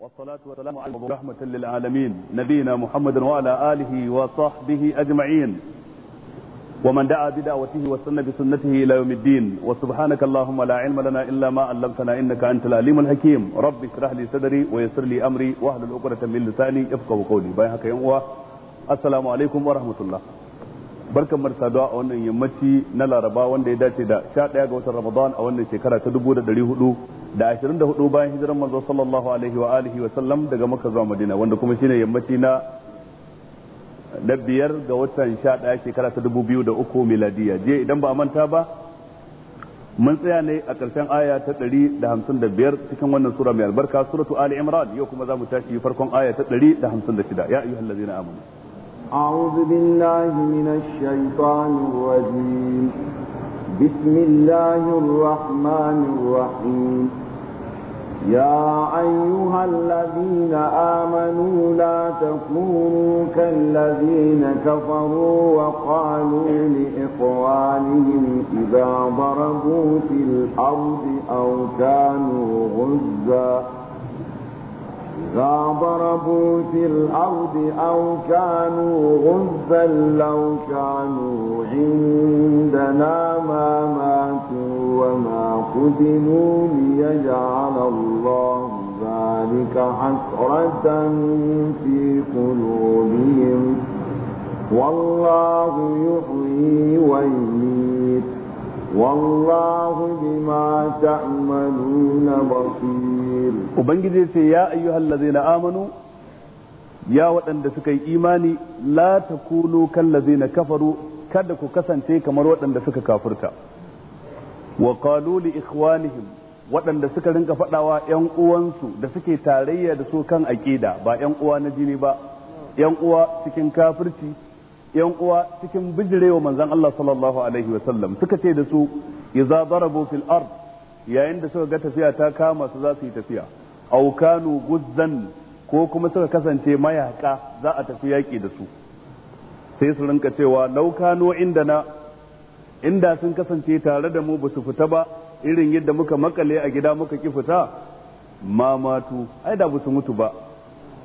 والصلاة والسلام على رحمة للعالمين نبينا محمد وعلى آله وصحبه أجمعين ومن دعا بدعوته وسن بسنته إلى يوم الدين وسبحانك اللهم لا علم لنا إلا ما علمتنا إنك أنت العليم الحكيم رب اشرح لي صدري ويسر لي أمري واحلل عقدة من لساني يفقهوا قولي بايعك يوم السلام عليكم ورحمة الله barkan mar saduwa a wannan yammaci na laraba wanda ya dace da 11 ga watan ramadan a wannan shekara ta 1400 da 24 bayan hijiran manzo sallallahu alaihi wa alihi wa sallam daga Makka zuwa Madina wanda kuma shine yammaci na Na biyar ga watan 11 shekara ta dubu biyu da 2003 miladiya je idan ba manta ba mun tsaya ne a ƙarshen aya ta ɗari da da hamsin biyar cikin wannan sura mai albarka suratu ali imran yau kuma za mu tashi farkon aya ta ɗari da 156 ya ayyuhal ladzina amanu أعوذ بالله من الشيطان الرجيم بسم الله الرحمن الرحيم يا أيها الذين آمنوا لا تكونوا كالذين كفروا وقالوا لإخوانهم إذا ضربوا في الأرض أو كانوا غزاً إذا ضربوا في الأرض أو كانوا غزا لو كانوا عندنا ما ماتوا وما قدموا ليجعل الله ذلك حسرة في قلوبهم والله يحيي ويميت والله بما تعملون بصير ubangiji ce ya ayyuhal ladzina amanu ya waɗanda suka yi imani la takunu kal kafaru kada ku kasance kamar waɗanda suka kafurta wa qalu li ikhwanihim waɗanda suka rinka faɗawa ƴan uwansu da suke tarayya da su kan aƙida ba yan uwa na jini ba yan uwa cikin kafirci yan uwa cikin bijirewa manzon Allah sallallahu alaihi wasallam suka ce da su idza darabu fil ard yayin da suka ga tafiya ta kama su za su yi tafiya aukanu guzzan ko kuma suka kasance mayaka za a tafi yaki da su sai su rinka cewa naukano inda na inda sun kasance tare da mu ba su fita ba irin yadda muka makale a gida muka ki fita ma matu ai da ba su mutu ba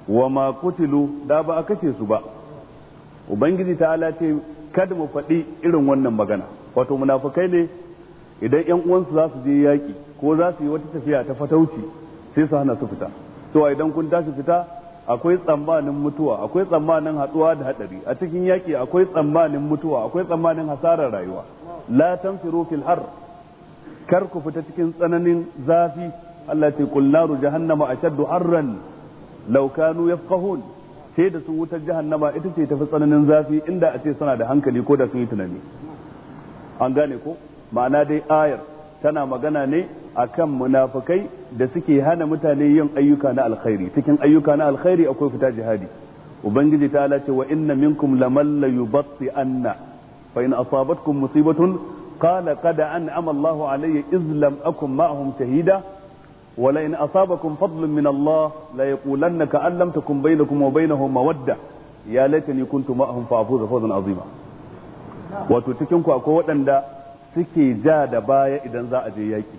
wa ma kutilu da ba a kace su ba ubangiji ta'ala ce kada mu faɗi irin wannan magana wato munafukai ne idan yan uwansu za su je yaƙi ko za su yi wata tafiya ta fatauci sai su hana su fita to idan kun tashi fita akwai tsammanin mutuwa akwai tsammanin haɗuwa da haɗari a cikin yaƙi akwai tsammanin mutuwa akwai tsammanin hasarar rayuwa la tanfiru fil har kar ku fita cikin tsananin zafi Allah ce kul naru jahannama ashaddu harran law kanu yafqahun sai da su wutar jahannama ita ce tafi tsananin zafi inda a ce suna da hankali ko da sun yi tunani an gane ko ma'ana dai ayar tana magana ne akan munafukai da suke hana mutane yin ayyuka na alkhairi cikin ayyuka na alkhairi akwai fita jihadi ubangiji ta ce wa inna minkum laman la yubatti anna fa in asabatkum musibatun qala qad an'ama Allahu alayya iz lam akum ma'ahum shahida wa la in asabakum fadlun min Allah la yaqulanna ka an lam takum bainakum wa bainahum mawadda ya laitani kuntu ma'ahum fa afuza fawzan azima wato cikin ku akwai waɗanda suke ja da baya idan za a je yaki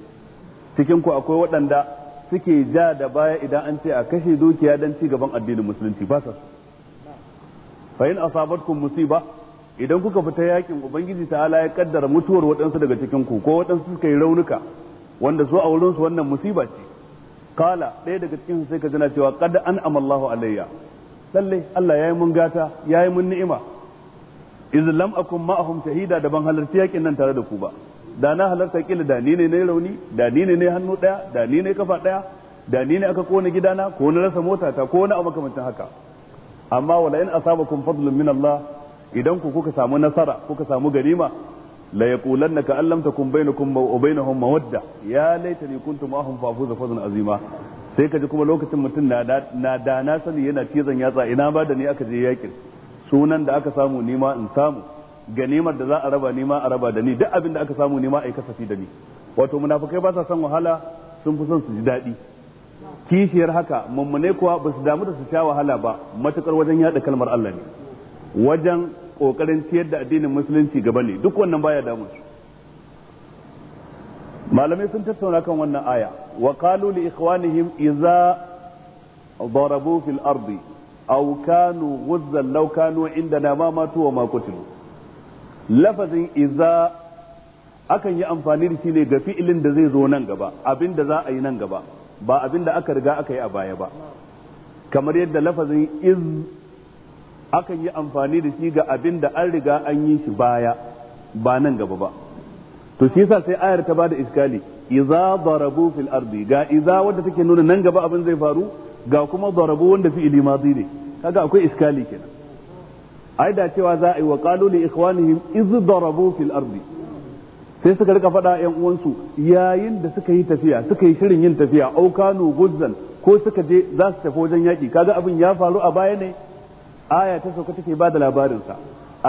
cikin ku akwai waɗanda suke ja da baya idan an ce a kashe dukiya don ci gaban addinin musulunci ba sa fa in asabatkum musiba idan kuka fita yakin ubangiji ta'ala ya kaddara mutuwar waɗansu daga cikin ku ko waɗansu suka yi raunuka wanda su a wurinsu wannan musiba ce kala ɗaya daga cikin sai ka jina cewa kada an amallahu alayya lalle Allah yayi mun gata yayi mun ni'ima iz lam akum ma'ahum shahida da ban halarci yakin nan tare da ku ba da na halarta kila da ni ne ne rauni da ni ne ne hannu daya da ni ne kafa daya da ni ne aka kona gidana ko na rasa mota ta ko na abu makamancin haka amma wala in asabakum fadlun min Allah idan ku kuka samu nasara kuka samu ganima la yaqulanna ka allam takum bainakum wa bainahum mawadda ya laitani kuntum ma'ahum fa fuza fawzan azima sai kaji kuma lokacin mutum na da na sani yana cizon yatsa ina ba da ni aka je yakin sunan da aka samu nima in samu ganimar da za a raba nima a raba da ni duk abin da aka samu nima a yi kasafi da ni wato munafukai ba sa son wahala sun fi son su ji daɗi kishiyar haka mummune kuwa ba su damu da su sha wahala ba matukar wajen yaɗa kalmar Allah ne wajen ƙoƙarin ciyar da addinin musulunci gaba ne duk wannan baya damun malamai sun tattauna kan wannan aya wa qalu li ikhwanihim idza darabu fil ardi aw kanu ghuzzan law kanu indana ma matu wa ma qutilu lafazin akan yi amfani da shi ne ga fi'ilin da zai zo nan gaba abin da za a yi nan gaba ba abin da aka riga aka yi a baya ba kamar yadda lafazin iz akan yi amfani da shi ga abin da an riga an yi shi baya ba nan gaba ba to shi yasa sai ayar ta bada iskali iza darabu fil ardi ga iza wadda take nuna nan gaba abin zai faru ga kuma darabu wanda fi'ili madi ne kaga akwai iskali kenan ai da cewa za a yi wa qalu li ikhwanihim iz darabu fil ardi sai suka rika faɗa yan uwansu yayin da suka yi tafiya suka yi shirin yin tafiya au kanu guzzan ko suka je za su tafi wajen yaki kaga abin ya faru a baya ne aya ta sauka take ba da labarin sa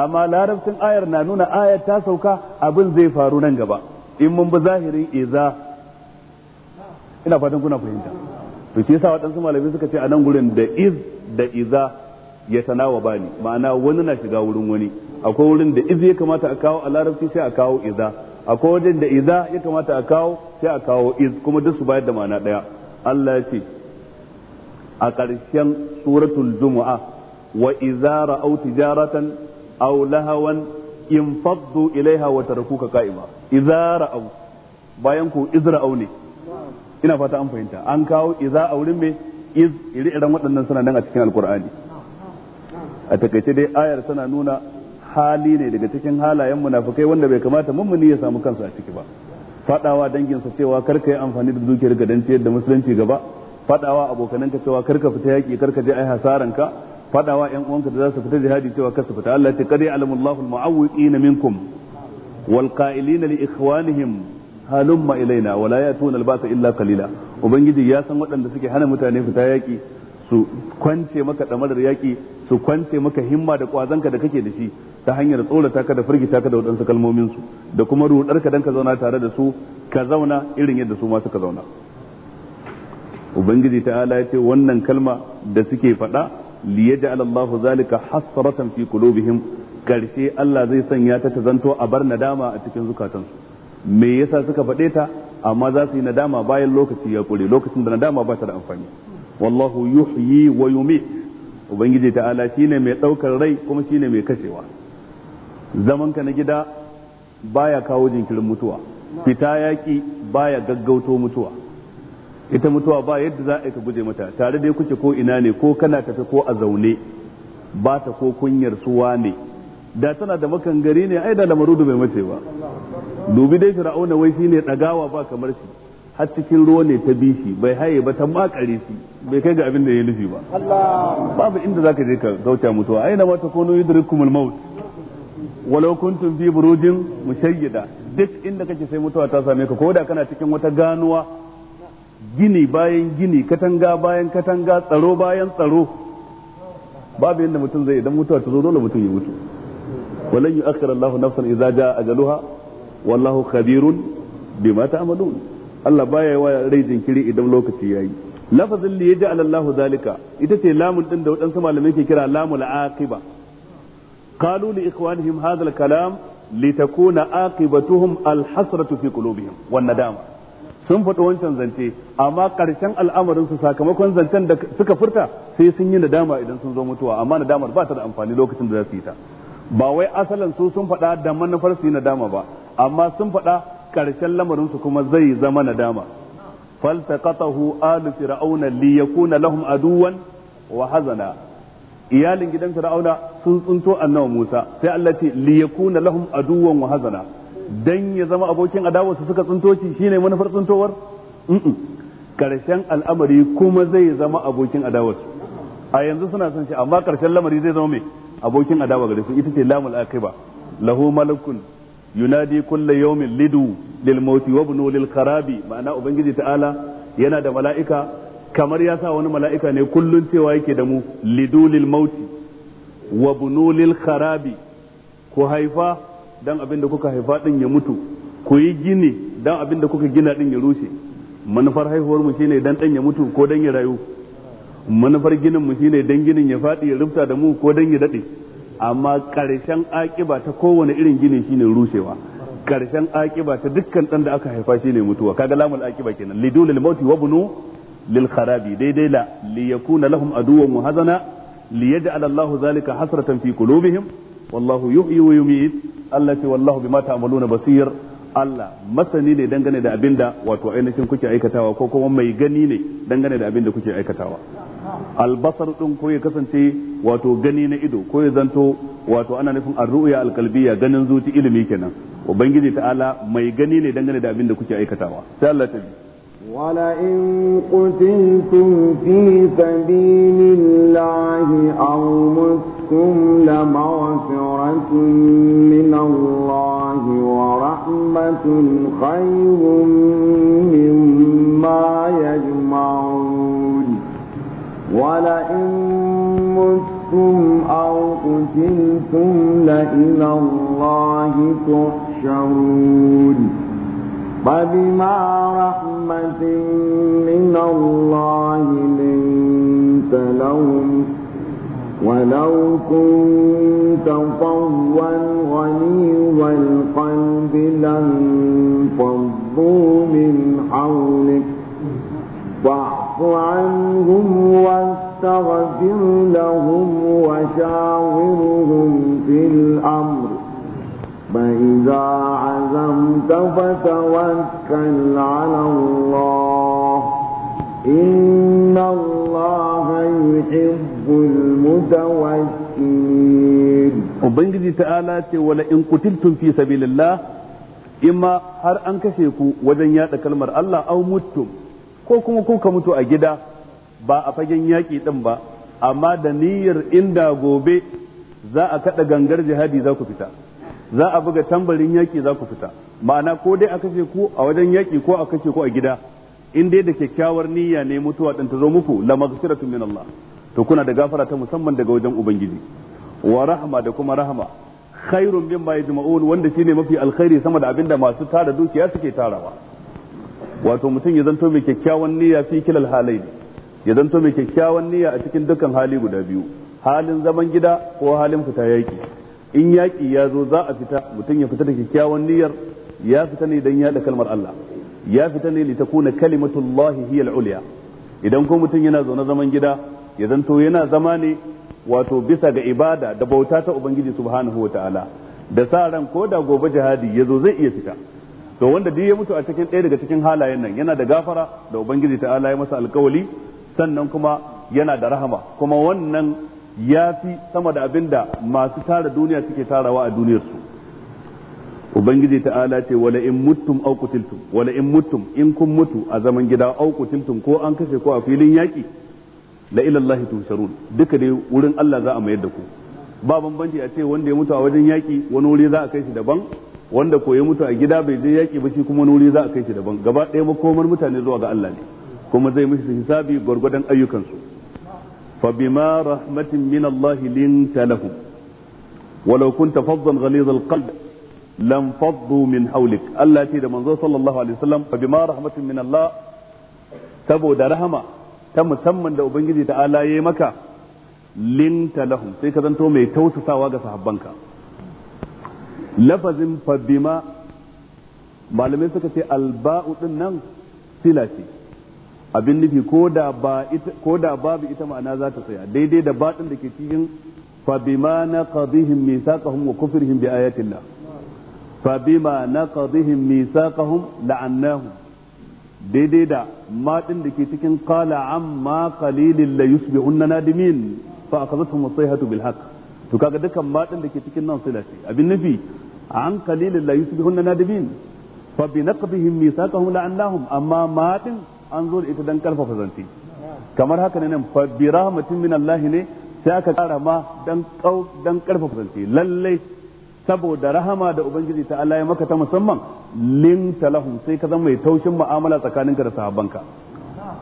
amma larabcin ayar na nuna ayar ta sauka abin zai faru nan gaba in mun bi zahirin iza ina fatan kuna fahimta to shi yasa waɗansu malamai suka ce a nan gurin da iz da iza ya tanawa bani ma'ana wani na shiga wurin wani akwai wurin da iz ya kamata a kawo a larabci sai a kawo iza akwai wajen da iza ya kamata a kawo sai a kawo iz kuma duk su bayar da ma'ana ɗaya Allah ya ce a ƙarshen suratul jumu'a wa iza ra'au tijaratan aw lahawan in faddu ilaiha wa tarakuka qa'ima iza ra'au bayan ku izra'au ne ina fata an fahimta an kawo iza a wurin me iz iri iren waɗannan suna nan a cikin alkur'ani a takaice dai ayar tana nuna hali ne daga cikin halayen munafukai wanda bai kamata mummuni ya samu kansa a ciki ba fadawa danginsa cewa kar ka yi amfani da dukiyar ka dan ciyar da musulunci gaba fadawa abokananka cewa kar ka fita yaki kar ka je ai hasaran ka fadawa yan uwanka da za su fita jihadi cewa kar su fita Allah ya ce qad ya'lamu minkum wal qa'ilina halumma ilaina wala yatuna albasa illa qalila ubangiji ya san waɗanda suke hana mutane fita yaki su kwance maka damarar yaki su kwance maka himma da kwazanka da kake da shi ta hanyar tsorata ka da firgita ka da waɗansu kalmomin su da kuma rudar ka dan ka zauna tare da su ka zauna irin yadda su ma suka zauna ubangiji ta'ala ya ce wannan kalma da suke faɗa liyaj'al Allahu zalika hasratan fi qulubihim karshe Allah zai sanya ta ta zanto a bar nadama a cikin zukatansu me yasa suka faɗe ta amma za su yi nadama bayan lokaci ya kure lokacin da nadama ba ta da amfani wallahu yuhyi wa yumit ubangiji ta'ala shine mai daukar rai kuma shine mai kashewa zaman ka na gida baya kawo jinkirin mutuwa fita yaki baya gaggauto mutuwa ita mutuwa ba yadda za a guje mata tare dai kuke ko ina ne ko kana tafi ko a zaune ba ta ko kunyar suwa ne da tana da makangari ne ai da lamarudu bai mace ba dubi dai fir'auna wai shine dagawa ba kamar shi har cikin ruwa ne ta bishi bai haye ba ta makare shi bai kai ga abin da ya nufi ba babu inda zaka je ka kauta mutuwa aina ma takunu yudrikumul maut walau kuntum fi burujin mushayyida duk inda kake sai mutuwa ta same ka ko da kana cikin wata ganuwa gini bayan gini katanga bayan katanga tsaro bayan tsaro babu yadda mutum zai idan mutuwa ta zo dole mutum ya mutu walan yu'akhkhir Allahu nafsan idza jaa ajaluha wallahu khabirun bima ta'malun Allah baya yi wa rai jinkiri idan lokaci yayi lafazin li yaj'al Allahu zalika ita ce lamun din da wadansu malamai ke kira lamul aqiba qalu li ikhwanihim hadha al kalam litakuna aqibatuhum al hasratu fi qulubihim wan nadama sun faɗi wancan zance amma ƙarshen al'amarin su sakamakon zancen da suka furta sai sun yi nadama idan sun zo mutuwa amma nadamar ba ta da amfani lokacin da za su yi ta ba wai asalin su sun faɗa da manufar su yi nadama ba amma sun faɗa ƙarshen lamarin su kuma zai zama nadama faltaqatahu alu fir'auna li yakuna lahum aduwan wa hazana iyalin gidan fir'auna sun tsunto annabi Musa sai Allah ce li yakuna lahum aduwan wa hazana dan ya zama abokin adawa su suka tsunto shi shine manufar tsuntowar karshen al'amari kuma zai zama abokin adawarsu a yanzu suna son shi amma karshen lamari zai zama mai abokin adawa gare su ita ce lamul akiba lahu malakun yunadi kulla yawmin lidu lil mauti wa ibnu lil kharabi ma'ana ubangiji ta'ala yana da mala'ika kamar ya sa wani mala'ika ne kullun cewa yake da mu lidu lil mauti wa ibnu lil kharabi ku haifa dan abin da kuka haifa din ya mutu ku yi gini dan abin da kuka gina din ya rushe manufar haihuwar mu shine dan dan ya mutu ko dan ya rayu manufar ginin mu shine dan ginin ya faɗi ya rufta da mu ko dan ya dade amma karshen aƙiba ta kowane irin gini shine rushewa karshen aƙiba ta dukkan ɗan da aka haifa shine mutuwa kaga lamul akiba kenan lidulil mauti wa bunu lil kharabi daidai la li yakuna lahum aduwwan muhazana hazana li yaj'al Allahu zalika hasratan fi qulubihim wallahu yuhyi wa yumiit Allah ce wallahu bima ta'maluna basir Allah masani ne dangane da abinda wato ainihin kuke aikatawa ko kuma mai gani ne dangane da abinda kuke aikatawa albasar din ko ya kasance wato gani na ido ko ya zanto wato ana nufin arru'ya alkalbiya ganin zuci ilimi kenan ubangiji ta'ala mai gani ne dangane da abin da kuke aikatawa sai Allah ta ولئن قتلتم في سبيل الله أو متم لمغفرة من الله ورحمة خير مما يجمعون ولئن متم أو قتلتم لإلى الله تحشرون فبما رحمة من الله لنت لهم ولو كنت فظا غليظ القلب لانفضوا من حولك فاعف عنهم واستغفر لهم وشاورهم في الأمر فإذا عزمت فتوكل على الله إن الله يحب المتوكلين وبنجد تعالى ولئن قتلتم في سبيل الله إما هر أنكشفوا وزن يأتك كلمة الله أو متم ko kuma ka mutu a gida ba a fagen yaƙi ɗin ba amma da niyyar inda gobe za a kaɗa gangar jihadi za ku fita za a buga tambarin yaƙi za ku fita ma'ana ko dai a kashe ku a wajen yaƙi ko a kashe ku a gida in dai da kyakkyawar niyya ne mutuwa ɗin ta zo muku la maghfiratun min Allah to kuna da gafara ta musamman daga wajen ubangiji wa rahma da kuma rahma khairun bin yajma'un wanda shine mafi alkhairi sama da abinda masu tara dukiya suke tarawa wato mutum ya zanto mai kyakkyawan niyya fi kilal halai ya zanto mai kyakkyawan niyya a cikin dukkan hali guda biyu halin zaman gida ko halin fita yaki in yaki ya zo za a fita mutum ya fita da kyakkyawan niyyar ya fita ne dan yada kalmar Allah ya fita ne litakuna kalimatullahi hiya al-ulya idan ko mutum yana zaune zaman gida ya zanto yana zama ne wato bisa ga ibada da bauta ta ubangiji subhanahu wa ta'ala da sa ran ko da gobe jihadi yazo zai iya fita to wanda duk ya mutu a cikin ɗaya daga cikin halayen nan yana da gafara da ubangiji ta ala ya masa alkawali sannan kuma yana da rahama kuma wannan ya fi sama da abin da masu tara duniya suke tarawa a duniyarsu ubangiji ta ala ce wala in mutum au wala in mutum in kun mutu a zaman gida au kutiltum ko an kashe ko a filin yaki la ila allahi tusharun duka dai wurin Allah za a mayar da ku ba bambanci a ce wanda ya mutu a wajen yaki wani wuri za a kai shi daban wanda koyi mutu a gida bai je yaki ba shi kuma wuri za a kai shi daban gaba ɗaya makomar mutane zuwa ga Allah ne kuma zai mishi hisabi gwargwadon ayyukansu fa bima rahmatin min Allah linta lahum walau kunta faddan ghalidha alqalb lam faddu min hawlik Allah ce da manzo sallallahu alaihi wasallam fa bima rahmatin min Allah saboda rahama ta musamman da ubangiji ta'ala yayi maka linta lahum sai ka zanto mai tausasawa ga sahabbanka lafazin fabima malamai suka ce alba'u din nan sila ce abin nufi ko da babu ita ma'ana za ta tsaya daidai da baɗin da ke cikin fa bima naqadihim mithaqahum wa kufrihim bi ayatillah fa bima naqadihim mithaqahum la'annahum daidai da maɗin da ke cikin qala amma qalilin la yusbihunna nadimin fa akhadhatuhum as-sayhatu bil haqq to kaga dukkan maɗin da ke cikin nan sila ce abin nufi an qalilin la yusbihunna nadimin fa bi naqdihim mithaqahum la'annahum amma matin an zo da ita dan karfafa zance kamar haka ne nan fa bi rahmatin min Allah ne sai aka kara ma dan dan karfafa zance lallai saboda rahama da ubangiji ta Allah ya maka ta musamman lin sai ka zama mai taushin mu'amala tsakaninka da sahabanka.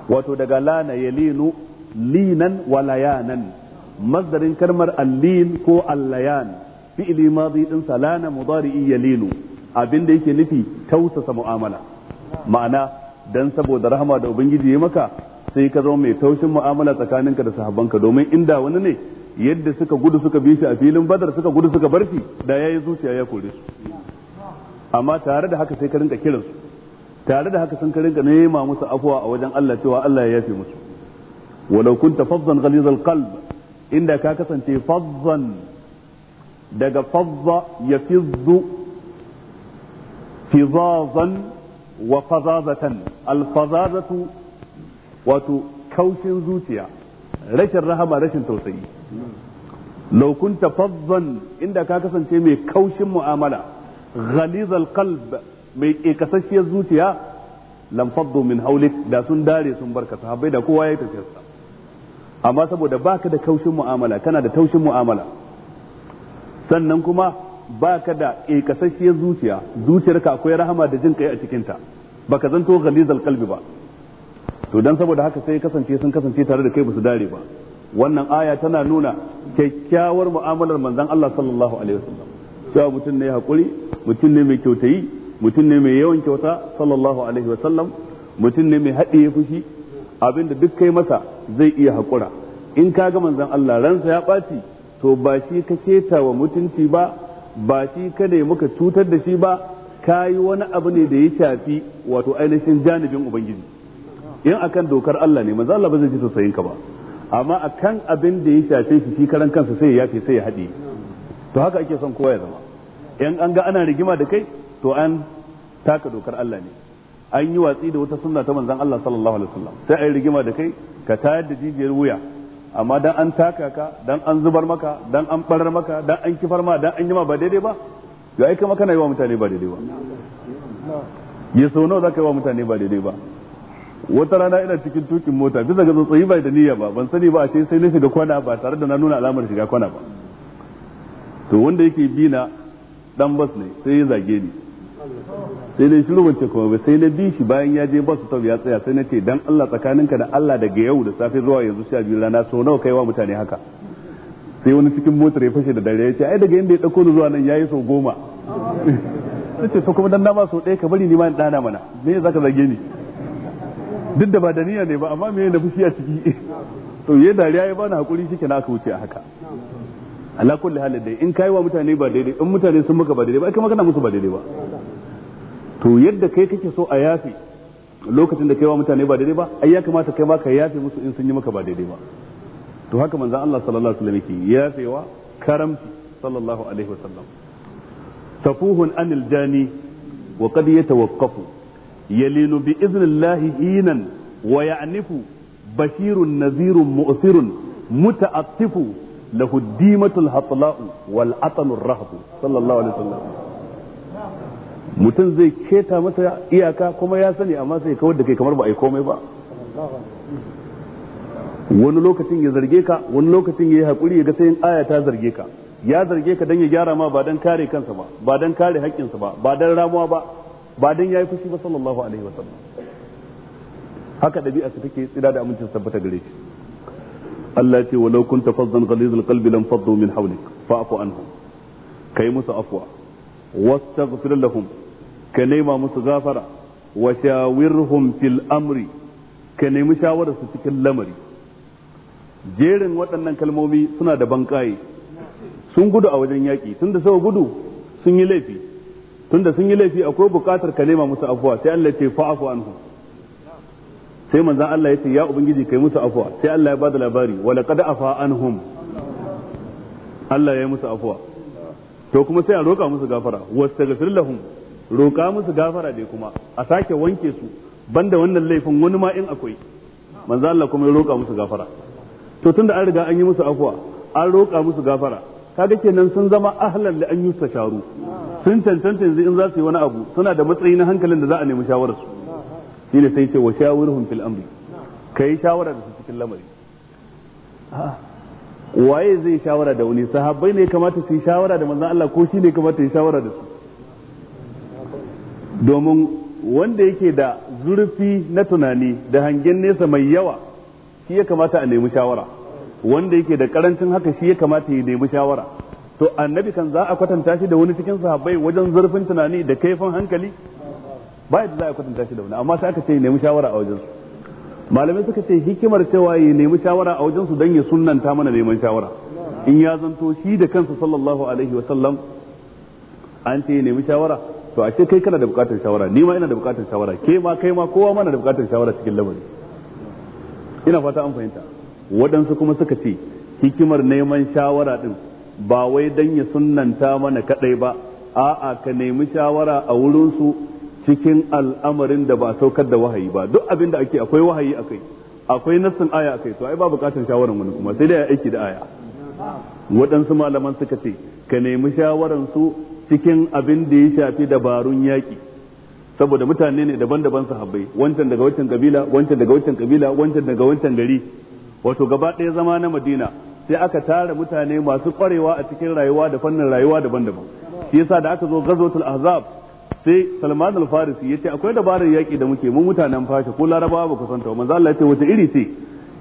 wato daga lana yalinu linan walayanan masdarin kalmar allin ko allayan fi'ili madi din sa lana mudari'i yalinu da yake nufi tausasa mu'amala ma'ana dan saboda rahama da ubangiji ya maka sai ka zama mai taushin mu'amala tsakaninka da sahabbanka domin inda wani ne yadda suka gudu suka bi shi a filin badar suka gudu suka bar shi da yayi zuciya ya kore su amma tare da haka sai ka rinka kiransu tare da haka sun ka rinka nema musu afuwa a wajen Allah cewa Allah ya yafe musu walau kunta fazzan ghalizal qalb inda ka kasance fazzan daga fazza ya fizzu fizazan wa fazazatan alfazazatu wato kaushin zuciya rashin rahama rashin tausayi laukunta kunta inda ka kasance mai kaushin mu'amala ghalizal qalb mai kekasasshiyar zuciya lam faddu min haulik da sun dare sun barka sahabbai da kowa ya tafiyarsa amma saboda baka da kaushin mu'amala kana da taushin mu'amala sannan kuma ba ka da kasasshiyar zuciya zuciyarka akwai rahama da jin kai a cikinta ba ka zanto ghalizal kalbi ba to dan saboda haka sai kasance sun kasance tare da kai ba su dare ba wannan aya tana nuna kyakkyawar mu'amalar manzon Allah sallallahu alaihi wasallam cewa mutum ne hakuri mutum ne mai kyautayi mutum ne mai yawan kyauta sallallahu alaihi wasallam mutum ne mai ya fushi abinda duk kai masa zai iya hakura in kaga manzon Allah ransa ya ɓaci to ba shi ka keta wa mutunci ba ba shi ka ne muka cutar da shi ba ka yi wani abu ne da ya shafi wato ainihin janibin ubangiji in akan dokar Allah ne manzo Allah ba zai ji tausayin ka ba amma akan abin da ya shafe shi shi karan kansa sai ya yafe sai ya haɗe to haka ake son kowa ya zama in an ga ana rigima da kai to an taka dokar Allah ne an yi watsi da wata sunna ta manzon Allah sallallahu alaihi wasallam sai ai rigima da kai ka tayar da jijiyar wuya amma dan an taka ka dan an zubar maka dan an barar maka dan an kifar ma dan an yi ma ba daidai ba ya aika maka na yi wa mutane ba daidai ba ya sau nawa zaka yi wa mutane ba daidai ba wata rana ina cikin tukin mota bisa ga tsotsayi bai da niyya ba ban sani ba a ce sai na shiga kwana ba tare da na nuna alamar shiga kwana ba to wanda yake bi na dan bas ne sai ya zage ni sai dai shiru ban kuma ba sai na bi shi bayan ya je bus stop ya tsaya sai na ce dan Allah tsakaninka da Allah daga yau da safe zuwa yanzu sha biyu rana so nawa kai wa mutane haka sai wani cikin motar ya fashe da dare ya ce ai daga inda ya dauko ni zuwa nan yayi so goma nace to kuma dan na ba so ɗaya ka bari ni ma dana mana me zaka zage ni duk da ba da niyya ne ba amma me na fushi a ciki to ye dariya ya bani hakuri shike na aka wuce a haka ala kulli halin dai in kai wa mutane ba daidai in mutane sun maka ba daidai ba kai ma kana musu ba daidai ba to yadda kai kake so a yafe lokacin da kai wa mutane ba daidai ba ai ya kamata kai ma ka yafe musu in sun yi maka ba daidai ba to haka manzon Allah sallallahu alaihi wasallam yake yafewa karamci sallallahu alaihi wasallam tafuhun anil jani wa qad yatawaqqafu yalinu bi idnillahi hinan wa ya'nifu bashirun nazirun mu'sirun muta'attifu lahu dimatul hatla'u wal atanur rahbu sallallahu alaihi wasallam mutum zai keta masa iyaka kuma ya sani amma sai kawar da kai kamar ba a yi komai ba wani lokacin ya zarge ka wani lokacin ya yi haƙuri ya ga sai aya ta zarge ka ya zarge ka don ya gyara ma ba don kare kansa ba ba don kare haƙƙinsa ba ba don ramuwa ba ba don ya yi fushi ba sallallahu alaihi wasallam haka ɗabi'a su take tsira da amincin tabbata gare shi Allah ce walau kunta tafazzan ghalizul qalbi lam faddu min hawlik fa'fu anhum kai musu afwa wastaghfir lahum ka nema musu gafara wa shawirhum fil amri ka nemi shawararsu cikin lamari jerin waɗannan kalmomi suna da bankaye sun gudu a wajen yaƙi tunda sau gudu sun yi laifi tunda sun yi laifi akwai buƙatar ka nema musu afuwa sai Allah ya ce fa'afu anhu sai manzon Allah ya ce ya ubangiji kai musu afuwa sai Allah ya bada labari wa laqad afa anhum Allah ya yi musu afuwa to kuma sai a roƙa musu gafara wastaghfir lahum roƙa musu gafara dai kuma a sake wanke su banda wannan laifin wani ma in akwai manzo Allah kuma ya roƙa musu gafara to tunda an riga an yi musu afwa an roƙa musu gafara kaga kenan sun zama ahlan da an yi sharu sun tantance yanzu in za su yi wani abu suna da matsayi na hankalin da za a nemi shawarar su shine sai ce wa shawirhum fil amri kai shawara da su cikin lamari waye zai shawara da wani sahabbai ne kamata su yi shawara da manzo Allah ko shi ne kamata su yi shawara da su domin wanda yake da zurfi na tunani da hangen nesa mai yawa shi ya kamata a nemi shawara wanda yake da karancin haka shi ya kamata ya nemi shawara to annabi kan za a kwatanta shi da wani cikin sahabbai wajen zurfin tunani da kaifin hankali ba yadda za a kwatanta shi da wani amma sai aka ce ya nemi shawara a wajensu malamai suka ce hikimar cewa ya nemi shawara a wajensu don ya sunnanta mana neman shawara in ya zanto shi da kansa sallallahu alaihi wasallam an ce ya nemi shawara to ashe kai kana da bukatar shawara ni ma ina da bukatar shawara ke ma kai ma kowa ma na da bukatar shawara cikin lamari ina fata an fahimta waɗansu kuma suka ce hikimar neman shawara ɗin, ba wai dan ya sunnanta mana kaɗai ba a'a ka nemi shawara a wurin cikin al'amarin da ba saukar da wahayi ba duk abin da ake akwai wahayi akai akwai nassin aya akai to ai ba bukatar shawaran wani kuma sai dai aiki da aya waɗansu malaman suka ce ka nemi shawaran cikin abin da ya shafi dabarun yaƙi saboda mutane ne daban-daban sahabbai wancan daga wancan kabila wancan daga wancan kabila wancan daga wancan gari wato gaba ɗaya zama na madina sai aka tara mutane masu ƙwarewa a cikin rayuwa da fannin rayuwa daban-daban shi yasa da aka zo gazotul ahzab sai salman al-farisi yace akwai dabarar yaƙi da muke mu mutanen fasha ko larabawa ba ku santa manzo Allah yace wace iri ce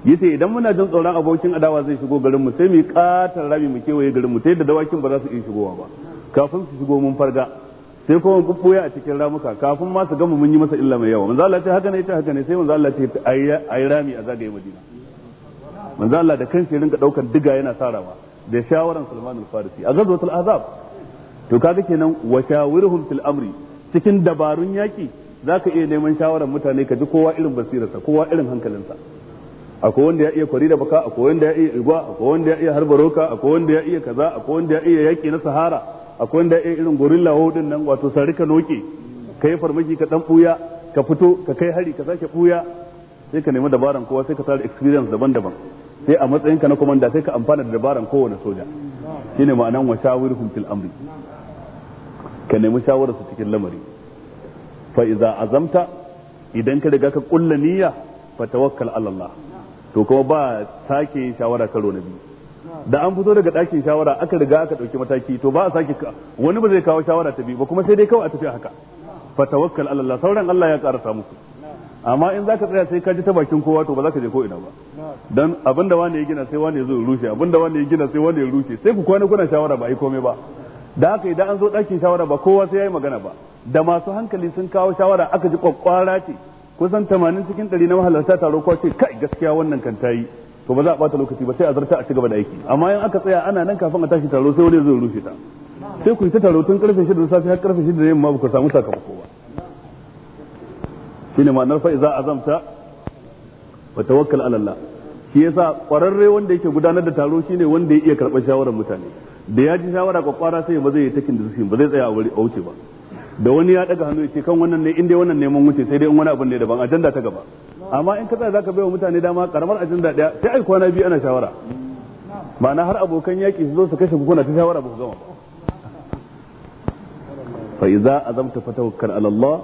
yace idan muna jin tsoron abokin adawa zai shigo garinmu sai mu katar rami mu kewaye garin mu sai da dawakin ba za su iya shigowa ba kafin su shigo mun farga sai kuma kuffo ya a cikin ramuka kafin ma su gama mun yi masa illa mai yawa manzo Allah ce haka ne ce haka ne sai manzo Allah ce ayi rami a zagaye Madina manzo Allah da kansa ya rinka daukar diga yana sarawa da shawaran Salman al-Farisi a gazwatul azab to kaga kenan wa shawirhum fil amri cikin dabarun yaki zaka iya neman shawaran mutane ka ji kowa irin basirarsa kowa irin hankalinsa akwai wanda ya iya kwari da baka akwai wanda ya iya igwa akwai wanda ya iya harbaroka akwai wanda ya iya kaza akwai wanda ya iya yaki na sahara akwai wanda irin gorilla hudin nan wato sarika noke ka yi farmaki ka dan buya ka fito ka kai hari ka sake buya sai ka nemi dabaran kowa sai ka tara experience daban-daban sai a matsayin ka na komanda sai ka amfana da dabaran kowane soja shine ma'anan wa shawirhum fil amri ka nemi shawarar su cikin lamari fa'iza azamta idan ka riga ka kulla niyya fa tawakkal ala Allah to kuma ba sake shawara karo na biyu da an fito daga ɗakin shawara aka riga aka ɗauki mataki to ba a sake wani ba zai kawo shawara ta biyu ba kuma sai dai kawai a tafi haka fa tawakkal ala Allah sauran Allah ya karasa muku amma in zaka tsaya sai ka ji ta bakin kowa to ba za ka je ko ina ba dan abinda wani ya gina sai wani ya zo ya rushe abinda wani ya gina sai wani ya rushe sai ku kwana kuna shawara ba ai komai ba da haka idan an zo ɗakin shawara ba kowa sai yayi magana ba da masu hankali sun kawo shawara aka ji kwakwara ce kusan 80 cikin 100 na mahalarta taro ko ce kai gaskiya wannan kan tayi to ba za a bata lokaci ba sai a zarta a ci gaba da aiki amma in aka tsaya ana nan kafin a tashi taro sai wani zai rushe ta sai ku yi ta taro tun karfe 6 da safe har karfe 6 da yamma ba ku samu sakamako ba shine ma'anar fa iza azamta wa tawakkal ala Allah shi yasa kwararre wanda yake gudanar da taro shine wanda ya iya karɓar shawarar mutane da ya ji shawara kwakwara sai ba zai yi takin da decision ba zai tsaya a wuce ba da wani ya daga hannu ya ce kan wannan ne inda wannan neman wuce sai dai in wani abin ne daban ajanda ta gaba amma in ka tsaya zaka wa mutane dama karamar da daya sai ai kwana biyu ana shawara ma'ana har abokan yaki su zo su kashe kuna ta shawara ba ku gama ba fa idza azamta fatawakkal ala Allah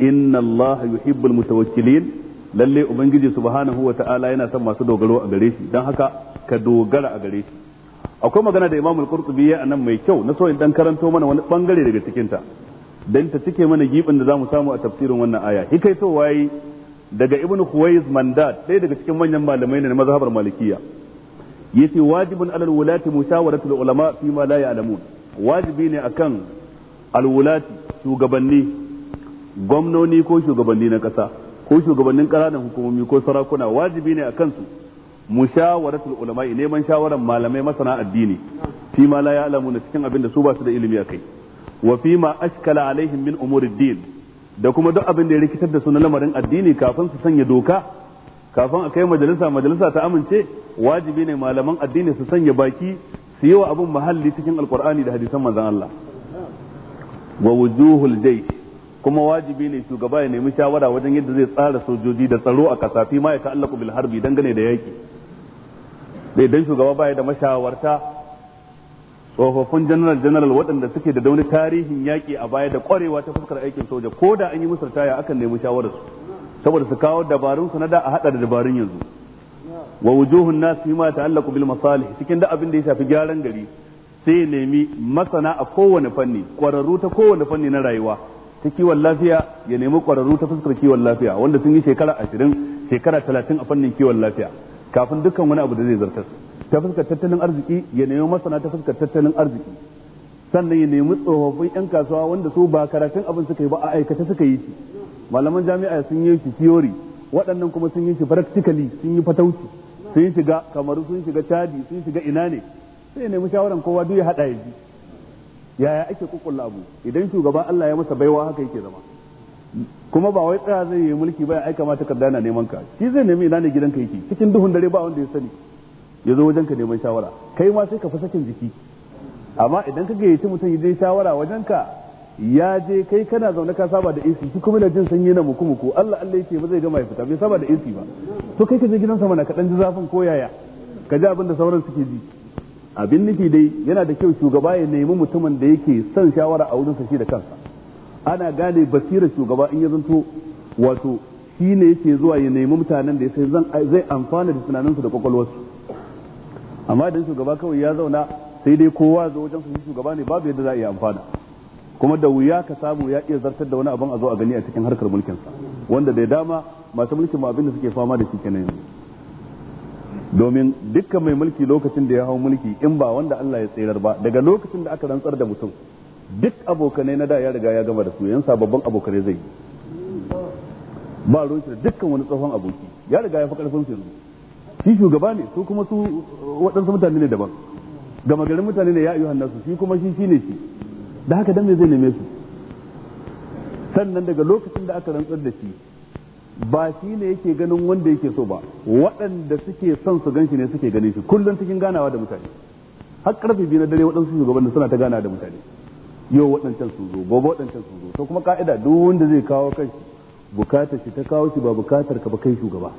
inna Allah yuhibbul mutawakkilin lalle ubangiji subhanahu wa ta'ala yana son masu dogaro a gare shi dan haka ka dogara a gare shi akwai magana da Imam Al-Qurtubi ya anan mai kyau na so in dan karanto mana wani bangare daga cikin ta dan ta cike mana gibin da zamu samu a tafsirin wannan aya to wayi daga ibn Kuwaiz mandat ɗaya daga cikin manyan malamai ne na mazhabar malikiya yace wajibun alal wulati mushawaratul ulama fi ma la ya'lamun wajibi ne akan alwulati shugabanni gwamnoni ko shugabanni na ƙasa ko shugabannin ƙananan hukumomi ko sarakuna wajibi ne akan su mushawaratul ulama neman shawaran malamai masana addini fi ma la ya'lamun cikin abin da su ba su da ilimi akai wa fi ma ashkala alaihim min umuriddin din da kuma duk abin da ya rikitar da su na lamarin addini kafin su sanya doka kafin a kai majalisa majalisa ta amince wajibi ne malaman addini su sanya baki su yi wa abin muhalli cikin alkur'ani da hadisan manzon Allah wa wujuhul kuma wajibi ne shugaba ya nemi shawara wajen yadda zai tsara sojoji da tsaro a kasafi ma ya ta'allaku bil harbi dangane da yaki dai dan shugaba baya da mashawarta tsofaffin general general waɗanda suke da daunin tarihin yaƙi a baya da ƙwarewa ta fuskar aikin soja ko da an yi musu taya akan nemi su saboda su kawo dabarun su na da a haɗa da dabarun yanzu wa wujuhun nas fima ta'allaqu bil masalih cikin da abin da ya shafi gyaran gari sai nemi masana a kowane fanni ƙwararru ta kowane fanni na rayuwa ta kiwon lafiya ya nemi ƙwararru ta fuskar kiwon lafiya wanda sun yi shekara ashirin shekara talatin a fannin kiwon lafiya kafin dukkan wani abu da zai zartar ta fuskar tattalin arziki ya nemi masana ta fuskar tattalin arziki sannan ya nemi tsofaffin yan kasuwa wanda su ba karatun abin suka yi ba a aikata suka yi shi malaman jami'a sun yi shi theory waɗannan kuma sun yi shi practically sun yi fatauci sun shiga kamaru sun shiga chadi sun shiga ina ne sai ya nemi shawaran kowa duk ya haɗa ya ji yaya ake kukkulla abu idan shugaba Allah ya masa baiwa haka yake zama kuma ba wai tsaya zai yi mulki ba ya aika mata takarda na neman ka shi zai nemi ina ne gidanka yake cikin duhun dare ba wanda ya sani ya zo wajenka neman shawara kai ma sai ka fi sakin jiki amma idan ka gayyaci mutum ya je shawara wajenka ya je kai kana zaune ka saba da AC shi kuma da jin sanyi na muku muku Allah Allah yake ba zai gama ya fita bai saba da AC ba to kai ka je gidansa mana ka dan ji zafin ko yaya ka ji abin da sauran suke ji abin nufi dai yana da kyau shugaba ya nemi mutumin da yake son shawara a wurin sa shi da kansa ana gane basirar shugaba in ya zanto wato shi ne yake zuwa ya nemi mutanen da ya sai zai amfana da tunaninsu da kwakwalwarsu amma idan shugaba kawai ya zauna sai dai kowa zo wajen su shugaba ne babu yadda za a iya amfana kuma da wuya ka samu ya iya zartar da wani abin a zo a gani a cikin harkar mulkin sa wanda da dama masu mulkin ma abin da suke fama da shi kenan yanzu domin dukkan mai mulki lokacin da ya hau mulki in ba wanda Allah ya tsirar ba daga lokacin da aka rantsar da mutum duk abokanai na da ya riga ya gama da su yan sababbin abokanai zai yi ba ruwan dukkan wani tsohon aboki ya riga ya fi karfin su yanzu shi shugaba ne su kuma su waɗansu mutane ne daban gama garin mutane ne ya ayyuha nasu shi kuma shi shine shi da haka dan me zai neme su sannan daga lokacin da aka rantsar da shi ba shi ne yake ganin wanda yake so ba waɗanda suke son su ganshi ne suke ganin shi kullum cikin ganawa da mutane har karfe biyu na dare waɗansu shugabanni suna ta gana da mutane yau waɗancan su zo gobe waɗancan su zo to kuma ka'ida duk wanda zai kawo kai bukatar shi ta kawo shi ba bukatar ka ba kai shugaba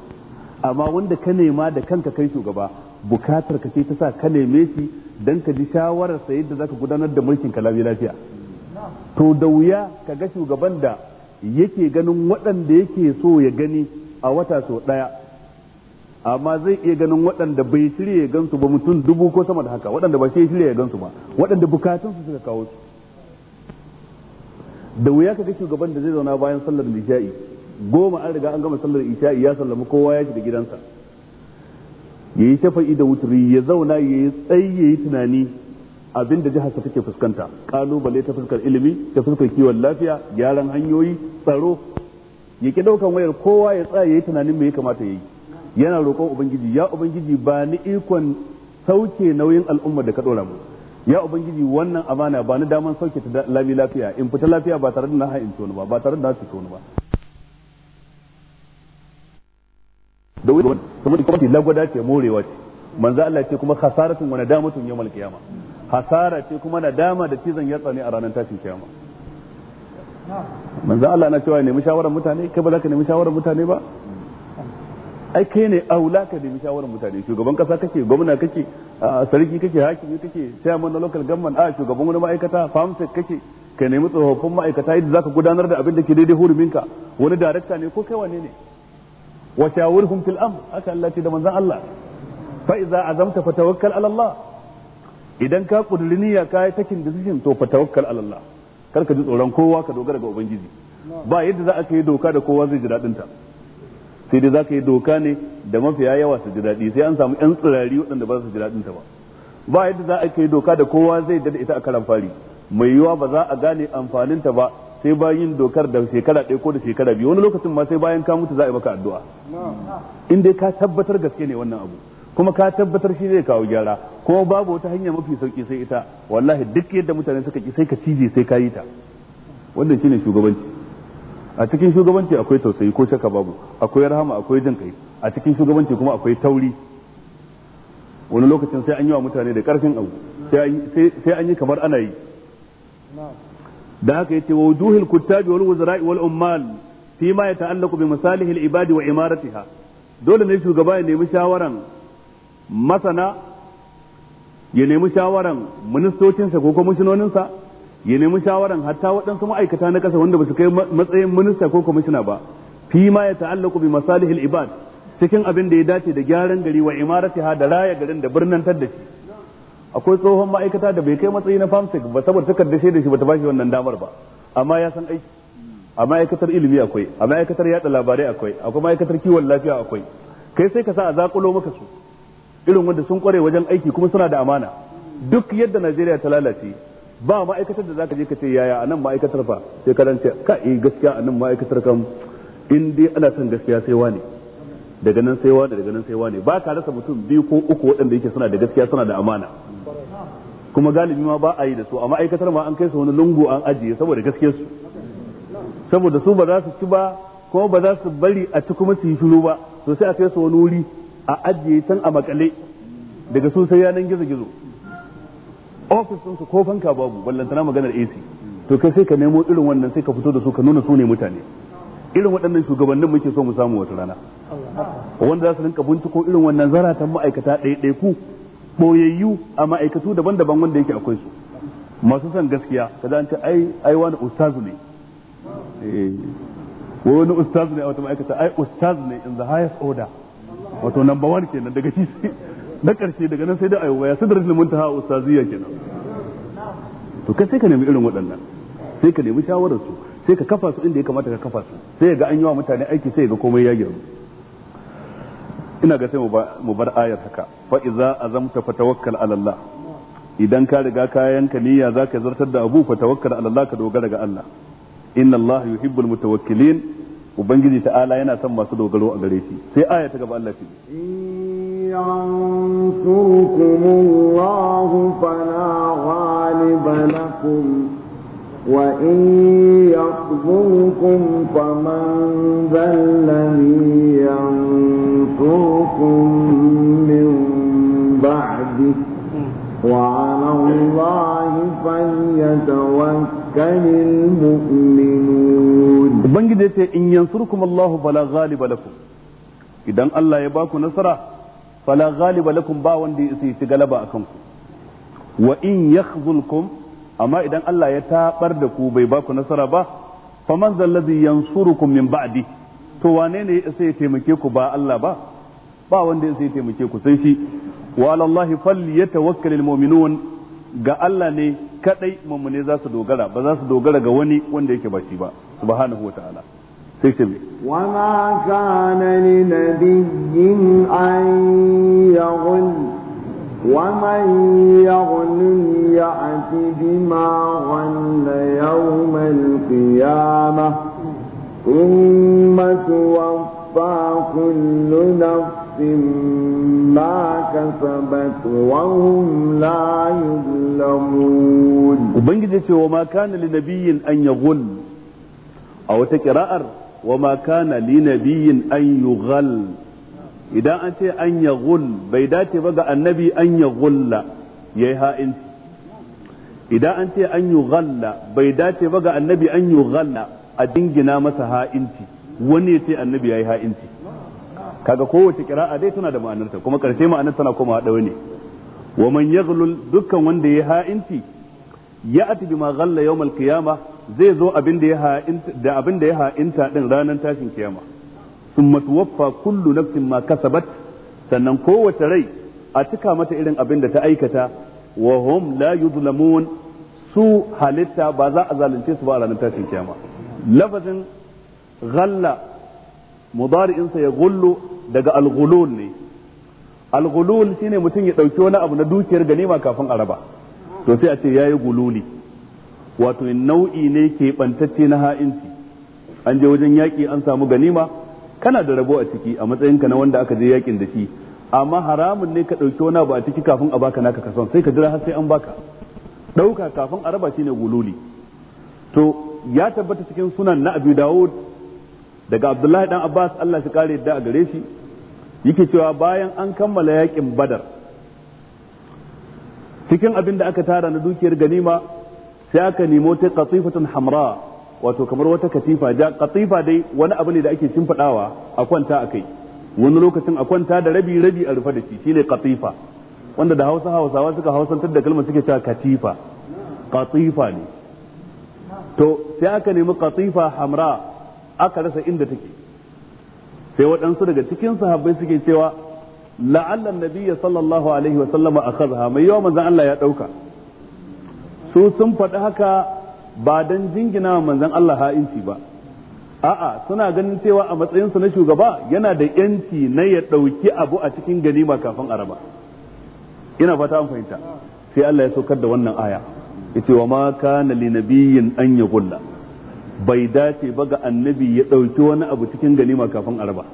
amma wanda ka nema da kanka kai shugaba bukatar ka ce ta sa ka neme shi dan ka ji shawarar sa yadda zaka gudanar da mulkin ka lafiya to da wuya ka ga shugaban da yake ganin waɗanda yake so ya gani a wata so ɗaya amma zai iya ganin waɗanda bai shirya ya gansu ba mutum dubu ko sama da haka waɗanda ba shi shirya ya gansu ba waɗanda bukatunsu suka kawo su da wuya ka ga shugaban da zai zauna bayan sallar nishaɗi goma an riga an gama sallar isha'i ya sallama kowa ya shiga gidansa ya yi fa'i da wuturi ya zauna ya yi tsayi ya yi tunani abin da ta take fuskanta kalubale ta fuskar ilimi ta fuskar kiwon lafiya gyaran hanyoyi tsaro ya ki daukan wayar kowa ya tsaya ya yi tunanin me ya kamata ya yi yana roƙon ubangiji ya ubangiji ba ni ikon sauke nauyin al'ummar da ka ɗora mu ya ubangiji wannan amana ba ni daman sauke ta lafiya in fita lafiya ba tare da na ha'in ba ba tare da na cuto ba da wani saboda gwamnati lagwada ce morewa ce manzo Allah ce kuma khasaratun wa nadamatun yawmal qiyama hasara ce kuma nadama da cizon ya ne a ranar tashin kiyama manzo Allah na cewa nemi shawarar mutane kai ba za ka nemi shawarar mutane ba ai kai ne aula ka nemi shawarar mutane shugaban kasa kake gwamna kake sarki kake hakimi kake chairman na local government a shugaban wani ma'aikata farmsec kake ka nemi tsofaffin ma'aikata yadda zaka gudanar da abin da ke daidai huruminka wani director ne ko kai wane ne wa shawirhum fil amr haka Allah ce da manzon Allah fa idza azamta fatawakkal ala idan ka kuduri niyya ka takin decision to fatawakkal ala Allah kar ka ji tsoron kowa ka dogara ga ubangiji ba yadda za a yi doka da kowa zai ji dadin ta sai dai za ka yi doka ne da mafiya yawa su ji daɗi sai an samu yan tsirari waɗanda ba su ji daɗin ta ba ba yadda za a yi doka da kowa zai dade ita a karan fari mai yiwa ba za a gane amfanin ta ba sai bayan dokar da shekara ɗaya ko da shekara biyu wani lokacin ma sai bayan ka mutu za a yi maka addu'a in dai ka tabbatar gaske ne wannan abu kuma ka tabbatar shi zai kawo gyara kuma babu wata hanya mafi sauki sai ita wallahi duk yadda mutane suka ki sai ka cije sai ka yi ta wannan shine shugabanci a cikin shugabanci akwai tausayi ko shaka babu akwai rahama akwai jin kai a cikin shugabanci kuma akwai tauri wani lokacin sai an yi wa mutane da karfin abu sai an yi kamar ana yi da haka yace wa wujuhil kuttabi wal wuzara'i wal ummal fi ma yata'allaqu bi al ibadi wa imaratiha dole ne shugaba ya nemi shawaran masana ya nemi shawaran ministocinsa ko kwamishinoninsa ya nemi shawaran hatta waɗansu ma'aikata na ƙasa wanda ba su kai matsayin minista ko kwamishina ba fi ma ya ta'allaku bi masalihil ibad cikin abin da ya dace da gyaran gari wa imaratiha da raya garin da birnantar da shi akwai tsohon ma'aikata da bai kai matsayi na famsik ba saboda takardar shaidar shi bata bashi wannan damar ba amma ya san aiki a ma'aikatar ilimi akwai a ma'aikatar yada labarai akwai akwai ma'aikatar kiwon lafiya akwai kai sai ka sa a zakulo maka su irin wanda sun kware wajen aiki kuma suna da amana duk yadda Najeriya ta lalace ba ma'aikatar da zaka je ka ce yaya anan ma'aikatar fa sai ka dan ce ka eh gaskiya anan ma'aikatar kam in dai ana son gaskiya sai wane daga nan sai wani daga nan sai wani ba ka rasa mutum biyu ko uku waɗanda yake suna da gaskiya suna da amana kuma galibi ma ba a yi da su amma aikatar ma an kai su wani lungu an ajiye saboda gaskiyar su saboda su ba za su ci ba kuma ba za su bari a ci kuma su yi shiru ba to sai a kai su wani wuri a ajiye can a makale daga su sai yanan gizo gizo ofis su ko fanka babu ballantana maganar AC to kai sai ka nemo irin wannan sai ka fito da su ka nuna su ne mutane irin waɗannan shugabannin muke so mu samu wata rana wanda za su rinka binciko irin wannan zaratan ma'aikata ku ɓoyayyu a ma'aikatu daban-daban wanda yake akwai su masu son gaskiya kaza an ce ai ai wani ustazu ne eh, wani ustazu ne a wata ma'aikata ai ustazu ne in the highest order wato number one kenan daga shi na karshe daga nan sai da ayo ya sadar ilmin ta ustaziya kenan to kai sai ka nemi irin waɗannan sai ka nemi shawararsu. sai ka kafa su inda ya kamata ka kafa su sai ga an yi wa mutane aiki sai ga komai ya gyaru ina ga sai mu bar ayar haka fa iza azamta tawakkal ala Allah idan ka riga ka yanka niyya zaka zartar da abu fa tawakkal ala Allah ka dogara ga Allah inna Allah yuhibbul mutawakkilin ubangiji ta'ala yana son masu dogaro a gare shi sai aya ta gaba Allah ce ينصركم الله فلا غالب لكم وإن يخذلكم فمن ذا الذي ينصركم من بعده وعلى الله فليتوكل المؤمنون إن ينصركم الله فلا غالب لكم إذا الله يباكم نصرة فلا غالب لكم باوندي سيتغلب أكمكم وإن يخذلكم amma idan Allah ya tabar da ku bai ba ku nasara ba fa man zal ladhi yansurukum min ba'di to wane ne sai ya taimake ku ba Allah ba ba wanda sai ya taimake ku sai shi wa alallahi falyatawakkalul mu'minun ga Allah ne kadai mummune za su dogara ba za su dogara ga wani wanda yake ba shi ba subhanahu ta'ala sai ce kana كان nabiyyin أن ومن يغنم يأت بما غل يوم القيامة ثم توفى كل نفس ما كسبت وهم لا يظلمون وبنجد وما كان لنبي أن يغل أو تكرار وما كان لنبي أن يغل idan an ce an ya gul bai dace ba ga annabi an ya gulla ya yi ha'inci idan an ce an yi ghalla bai dace ba ga annabi an yi ghalla a dingina masa ha'inci wani ya ce annabi ya yi ha'inci kaga kowace kira'a dai tana da ma'anarta kuma karshe ma'anar tana kuma haɗa wani. wa man yaghlul dukkan wanda ya ha'inci ya ati bi ma ghalla yawmal qiyamah zai zo abin da ya da abin da ya ha'inta din ranar tashin kiyama thumma tuwaffa kullu nafsin ma kasabat sannan kowace rai a cika mata irin abin da ta aikata wa hum la yuzlamun su halitta ba za a zalunce su ba a ranar tashin kiyama lafazin ghalla mudari'insa ya gullu daga alghulul ne alghulul shine mutum ya dauki wani abu na dukiyar ganima kafin a raba to sai a ce yayi gululi wato nau'i ne ke bantacce na ha'inci an je wajen yaki an samu ganima kana da rabo a ciki a matsayinka na wanda aka je yakin da shi amma haramun ne ka ɗauki wani abu a ciki kafin a baka naka kason sai ka jira har sai an baka ɗauka kafin a raba shine gululi to ya tabbata cikin sunan na abu Dawud daga Abdullahi dan Abbas Allah shi kare yadda a gare shi yake cewa bayan an kammala yakin Badar cikin abin da aka tara na dukiyar ganima sai aka nemo ta qatifatun hamra wato kamar wata katifa ja katifa dai wani abu ne da ake shimfidawa a kwanta a kai wani lokacin a kwanta da rabi rabi a rufe da shi shine katifa wanda da Hausa Hausawa suka hausantar da kalmar suke cewa katifa katifa ne to sai aka nemi katifa hamra aka rasa inda take sai waɗansu daga cikin sahabbai suke cewa la'alla nabiyya sallallahu alaihi wa sallama akhadha mai yawa manzon Allah ya dauka su sun faɗi haka ba dan jingina manzon Allah ha'inci ba a'a suna ganin cewa a matsayinsu na shugaba yana da yanci na ya ɗauki abu a cikin ganima kafin araba ina fata an fahimta sai Allah ya saukar da wannan aya yace wa ma kana li nabiyyin an yaqulla bai dace ba ga annabi ya ɗauki wani abu cikin ganima kafin araba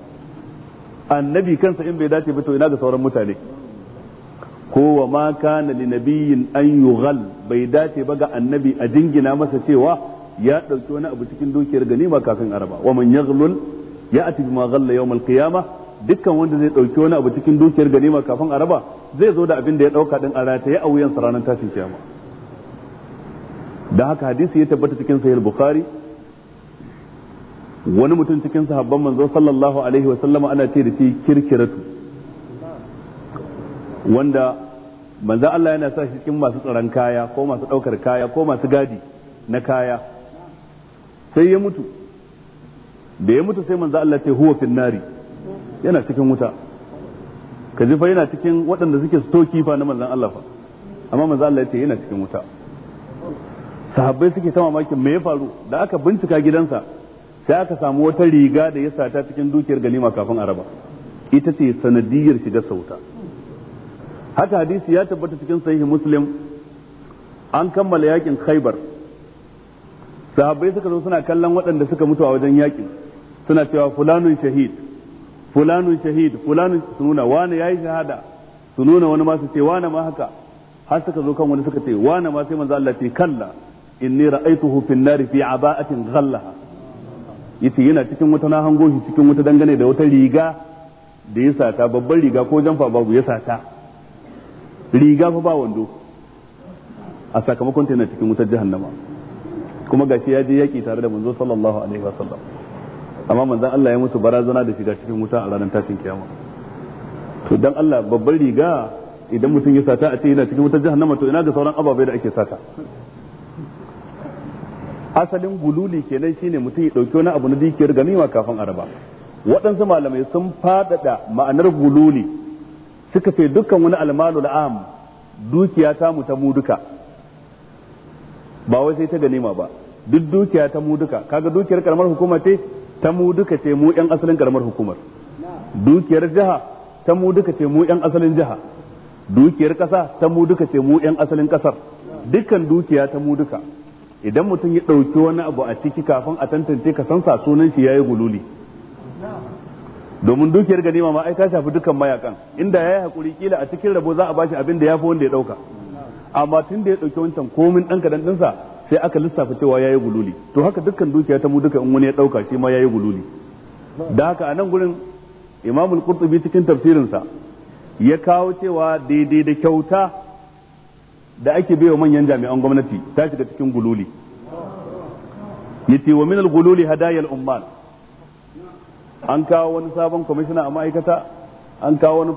annabi kansa in bai dace ba to ina ga sauran mutane ko wa ma kana li nabiyyin an yughal bai dace ba ga annabi a jingina masa cewa ya dauki wani abu cikin dukiyar ganima kafin araba wa man yaghlul ya'ti bima ghalla yawm al-qiyamah dukkan wanda zai dauki wani abu cikin dukiyar ganima kafin araba zai zo da abin da ya dauka din arata ya auyan sa ranar tashin kiyama Da haka hadisi ya tabbata cikin sahih bukhari wani mutum cikin sahabban manzo sallallahu alaihi wa sallama ana ce da shi kirkiratu wanda manzan Allah yana sa shi cikin masu tsaron kaya ko masu daukar kaya ko masu gadi na kaya sai ya mutu da ya mutu sai manzan Allah ce huwa fin nari yana cikin wuta ka fa yana cikin waɗanda suke stoki fa na manzan Allah fa amma manzan Allah ya ce yana cikin wuta sahabbai suke ta mamakin me ya faru da aka bincika gidansa sai aka samu wata riga da ya sata cikin dukiyar ganima kafin araba ita ce sanadiyar shiga sauta haka hadisi ya tabbata cikin sahihi muslim an kammala yakin khaybar sahabbai suka zo suna kallon waɗanda suka mutu a wajen yakin suna cewa fulanun shahid fulanun shahid fulanun su nuna wani yayi shahada su nuna wani ma su ce wani ma haka har suka zo kan wani suka ce wani ma sai manzo Allah ce kalla inni ra'aytuhu fin nari fi aba'atin ghallaha yace yana cikin wata na hango shi cikin wata dangane da wata riga da ya sata babban riga ko jamfa babu ya sata riga fa ba wando a sakamakon ta yana cikin wutar jahannama kuma gashi ya je yaki tare da manzo sallallahu alaihi wasallam amma manzon Allah ya mutu barazana da shiga cikin wuta a ranar tashin kiyama to dan Allah babban riga idan mutum ya sata a ce yana cikin wutar jahannama to ina ga sauran ababai da ake sata asalin gululi kenan shine mutum ya dauki wani abu na dikiyar ganima kafin araba waɗansu malamai sun faɗaɗa ma'anar gululi suka ce dukkan wani almalul am dukiya ta mu ta mu duka ba wai sai ta ganima ba duk dukiya ta mu duka kaga dukiyar karamar hukuma ce ta mu duka ce mu yan asalin karamar hukumar dukiyar jiha ta mu duka ce mu yan asalin jiha dukiyar kasa ta mu duka ce mu yan asalin kasar dukkan dukiya ta mu duka idan mutum ya ɗauki wani abu a ciki kafin a tantance ka san sa sunan shi yayi gululi domin dukiyar ganima ma ai ta shafi dukkan mayakan inda yayi hakuri kila a cikin rabo za a bashi abin da yafi wanda ya dauka amma tun da ya dauki wancan komin dan kadan dinsa sai aka lissafa cewa yayi gululi to haka dukkan dukiya ta mu duka in wani ya dauka shi ma yayi gululi da haka anan gurin Imam al-Qurtubi cikin tafsirinsa ya kawo cewa daidai da kyauta da ake baiwa manyan jami'an gwamnati ta shiga cikin gululi yace wa min gululi hadayal ummal an kawo wani sabon kwamishina a ma'aikata an kawo wani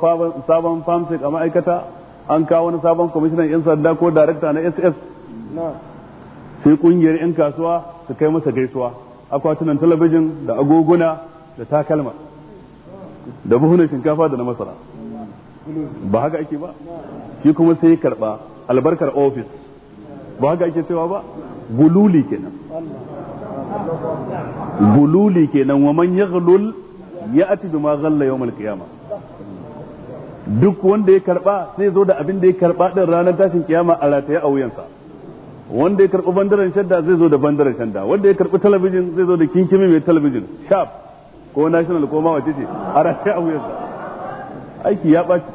sabon famsik a ma'aikata an kawo wani sabon kwamishinan 'yan sanda ko darakta na ss sai kungiyar 'yan kasuwa su kai masa gaisuwa akwatunan talabijin da agoguna da takalma da buhunan shinkafa da na masara ba haka ake ba shi kuma sai karba albarkar ofis ba haka ake cewa ba gululi kenan bululi kenan wa man yaghlul ya'ti bima ghalla yawmal qiyama duk wanda ya karba sai zo da abin da ya karba din ranar tashin kiyama a rataye a wuyansa wanda ya karbi bandaran shadda zai zo da bandaran shadda wanda ya karbi talabijin zai zo da kinkimi mai talabijin sharp ko national ko ma wace ce a rataye a wuyansa aiki ya baci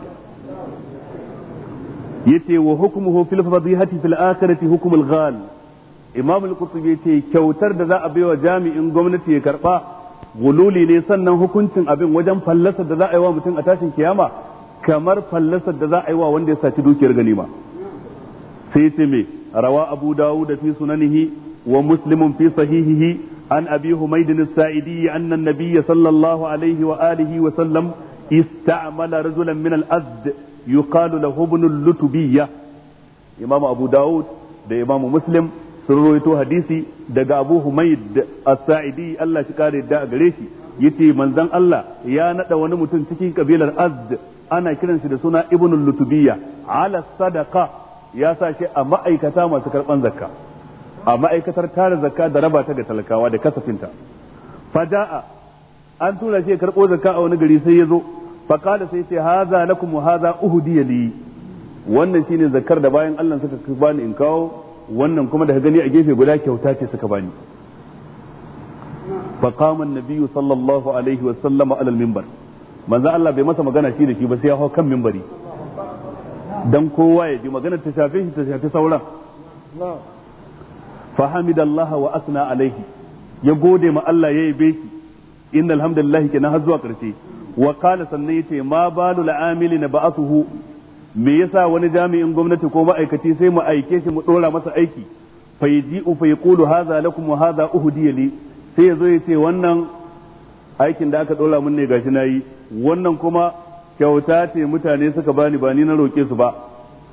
yace wa hukmuhu fil fadihati fil akhirati hukmul ghal imam al-qurtubi ce kyautar da za a baiwa jami'in gwamnati ya karba wululi ne sannan hukuncin abin wajen fallasar da za a yi wa mutum a tashin kiyama kamar fallasar da za a yi wa wanda ya saci dukiyar ganima sai ce me rawa abu dawud fi sunanihi wa muslimun fi sahihihi an abi humayd as-sa'idi anna an-nabiy sallallahu alaihi wa alihi wa sallam ista'mala rajulan min al-azd yuqalu lahu ibn al-lutubiyya imam abu dawud da imam muslim sun ruwaito hadisi daga Abu humaid As-Sa'idi Allah shi kare da gare shi yace manzon Allah ya nada wani mutum cikin kabilar Azd ana kiran shi da suna Ibn Lutubiyya ala sadaka ya sa shi a ma'aikata masu karban zakka a ma'aikatar tara zakka da raba ta ga talakawa da kasafinta fada'a an tura shi karbo zakka a wani gari sai ya zo faqala sai sai haza lakum haza uhdiya li wannan shine zakkar da bayan Allah suka bani in kawo wannan kuma da gani a gefe guda kyauta ce suka bani fa qama an-nabiyyu sallallahu alaihi wa sallama ala al-minbar manzo Allah bai masa magana shi da shi ba sai ya hau kan minbari dan kowa ya ji magana ta shafe shi ta shafe sauran fa hamidallaha wa asna alaihi ya gode ma Allah ya yabe shi innal hamdalillah kenan har zuwa karshe wa qala sannan yace ma balu la'amili amili na ba'athuhu me yasa wani jami'in gwamnati ko ma'aikaci sai mu aike shi mu dora masa aiki fa u fa yaqulu hadha lakum wa hadha uhdiya li sai yazo ya ce wannan aikin da aka dora mun ne gashi nayi wannan kuma kyauta ce mutane suka bani ba ni na roke su ba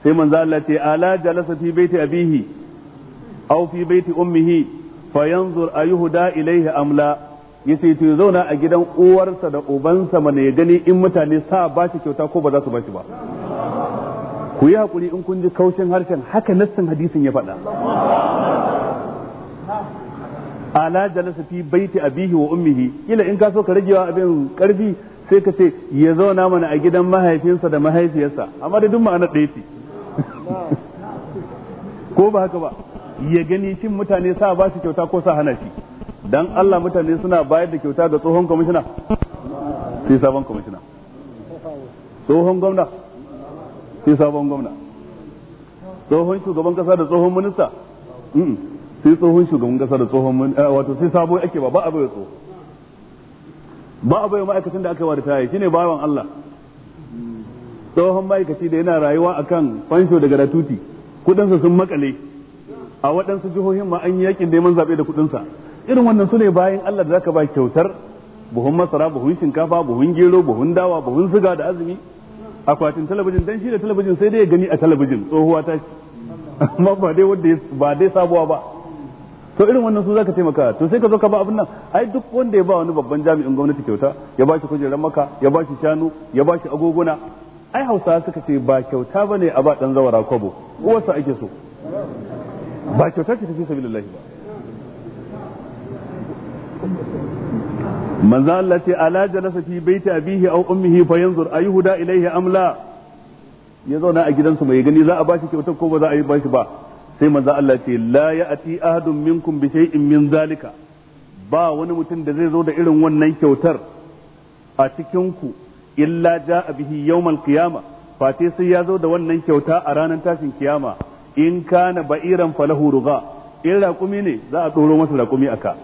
sai manzo Allah ce ala jalasa fi baiti abihi aw fi baiti ummihi fa yanzur ayuhda ilayhi amla yace to zauna a gidan uwarsa da ubansa mana ya gani in mutane sa ba shi kyauta ko ba za su ba shi ba ku yi hakuri in kun ji kaushin harshen haka nassin hadisin ya faɗa ala jalasa fi baiti abihi wa ummihi kila in ka so ka ragewa abin karfi sai ka ce ya zauna mana a gidan mahaifinsa da mahaifiyarsa amma da duk ma'ana ɗaya ce ko ba haka ba ya gani shin mutane sa ba su kyauta ko sa hana shi dan Allah mutane suna bayar da kyauta ga tsohon kwamishina sai sabon kwamishina tsohon gwamna sai sabon gwamna tsohon shugaban kasa da tsohon minista sai tsohon shugaban kasa da tsohon eh, wato sai sabo ake ba ba a bayo tsoho ba a bayo ma'aikacin da aka yi wa ritaya shine bawan Allah tsohon ma'aikaci da yana rayuwa akan fansho daga ratuti kudinsa sun makale a waɗansu jihohin ma an yi yakin neman zaɓe da kudinsa irin wannan su ne bayan Allah da zaka ba kyautar buhun masara buhun shinkafa buhun gero buhun dawa buhun ziga da azumi akwatin talabijin dan shi da talabijin sai dai ya gani a talabijin tsohuwa ta shi amma ba dai wanda ba dai sabuwa ba to irin wannan su zaka taimaka to sai ka zo ka ba abin nan ai duk wanda ya ba wani babban jami'in gwamnati kyauta ya ba shi kujerar maka ya ba shi shanu ya ba shi agoguna ai hausawa suka ce ba kyauta bane a ba dan zawara kwabo uwarsa ake so ba kyauta ce ta fi sabilillahi ba manzo Allah ce ala jalasa fi baiti abihi aw ummihi fa yanzur ayuhda ilayhi am ya zauna a su mai gani za a bashi kyautar ko ba za a yi bashi ba sai manzo Allah ce la ya'ti ahadun minkum bi shay'in min zalika ba wani mutum da zai zo da irin wannan kyautar a cikin ku illa ja'a bihi yawmal qiyama fate sai ya zo da wannan kyauta a ranar tashin kiyama in kana ba'iran falahu ruga in raƙumi ne za a ɗoro masa raƙumi aka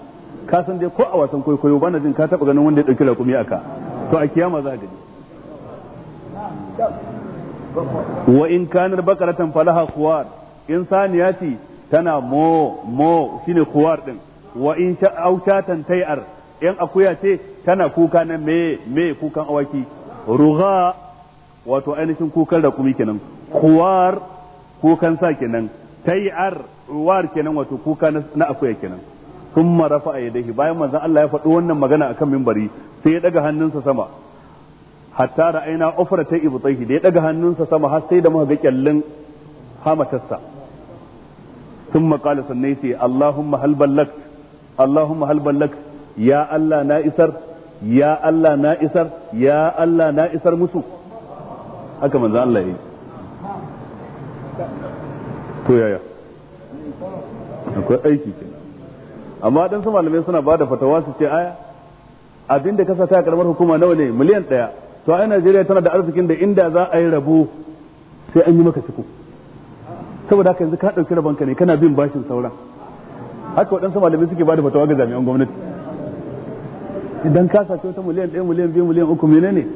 ka san dai ko a wasan kwaikwayo bana jin ka taba ganin wanda ya dauki rakumi aka to a kiyama za gani wa in kanar bakaratan falaha khuwar in saniya ce tana mo mo shine khuwar din wa in aushatan tai'ar in akuya ce tana kuka na me me kukan awaki ruga wato ainihin kukan rakumi kenan khuwar kukan sa kenan tai'ar ruwar kenan wato kuka na akuya kenan thumma rafa'a yadayhi bayan manzon Allah ya faɗi wannan magana akan mimbari sai ya ɗaga hannunsa sama hatta da aina ta ibu ibtayhi da ya ɗaga hannunsa sama har sai da muka ga kyallin hamatarsa sun maƙala sannan sai Allahumma hal ballak Allahumma hal ballak ya Allah na isar ya Allah na isar ya Allah na isar musu haka manzon Allah ya yi to yaya akwai aiki amma dan su malamai suna ba da fatawa su ce aya abin da kasa ta karamar hukuma nawa ne miliyan ɗaya to ai Najeriya tana da arzikin da inda za a yi rabo sai an yi maka ciko saboda haka yanzu ka ɗauki ka ne kana bin bashin sauran haka waɗansu malamai suke ba da fatawa ga jami'an gwamnati idan ka sace wata miliyan ɗaya miliyan biyu miliyan uku menene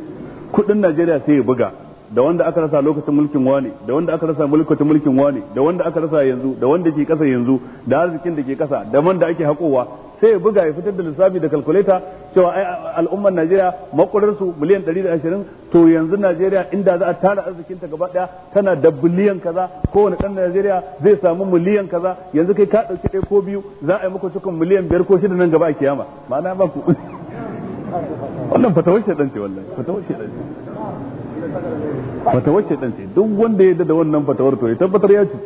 kuɗin Najeriya sai ya buga da wanda aka rasa lokacin mulkin wani da wanda aka rasa mulkin mulkin wane da wanda aka rasa yanzu da wanda ke kasa yanzu da arzikin da ke kasa da man da ake hakowa sai ya buga ya fitar da lissafi da kalkuleta cewa ai al'ummar Najeriya makurar su miliyan 120 to yanzu Najeriya inda za a tara arzikinta gaba daya tana da biliyan kaza kowane dan Najeriya zai samu miliyan kaza yanzu kai ka dauki ɗaya ko biyu za a yi muku cikin miliyan biyar ko shida nan gaba a kiyama ma'ana ba ku wannan fatawar shaidan ce wallahi fatawar shaidan ce fatawar shaidan ce duk wanda ya da wannan fatawar to ya tabbatar ya ci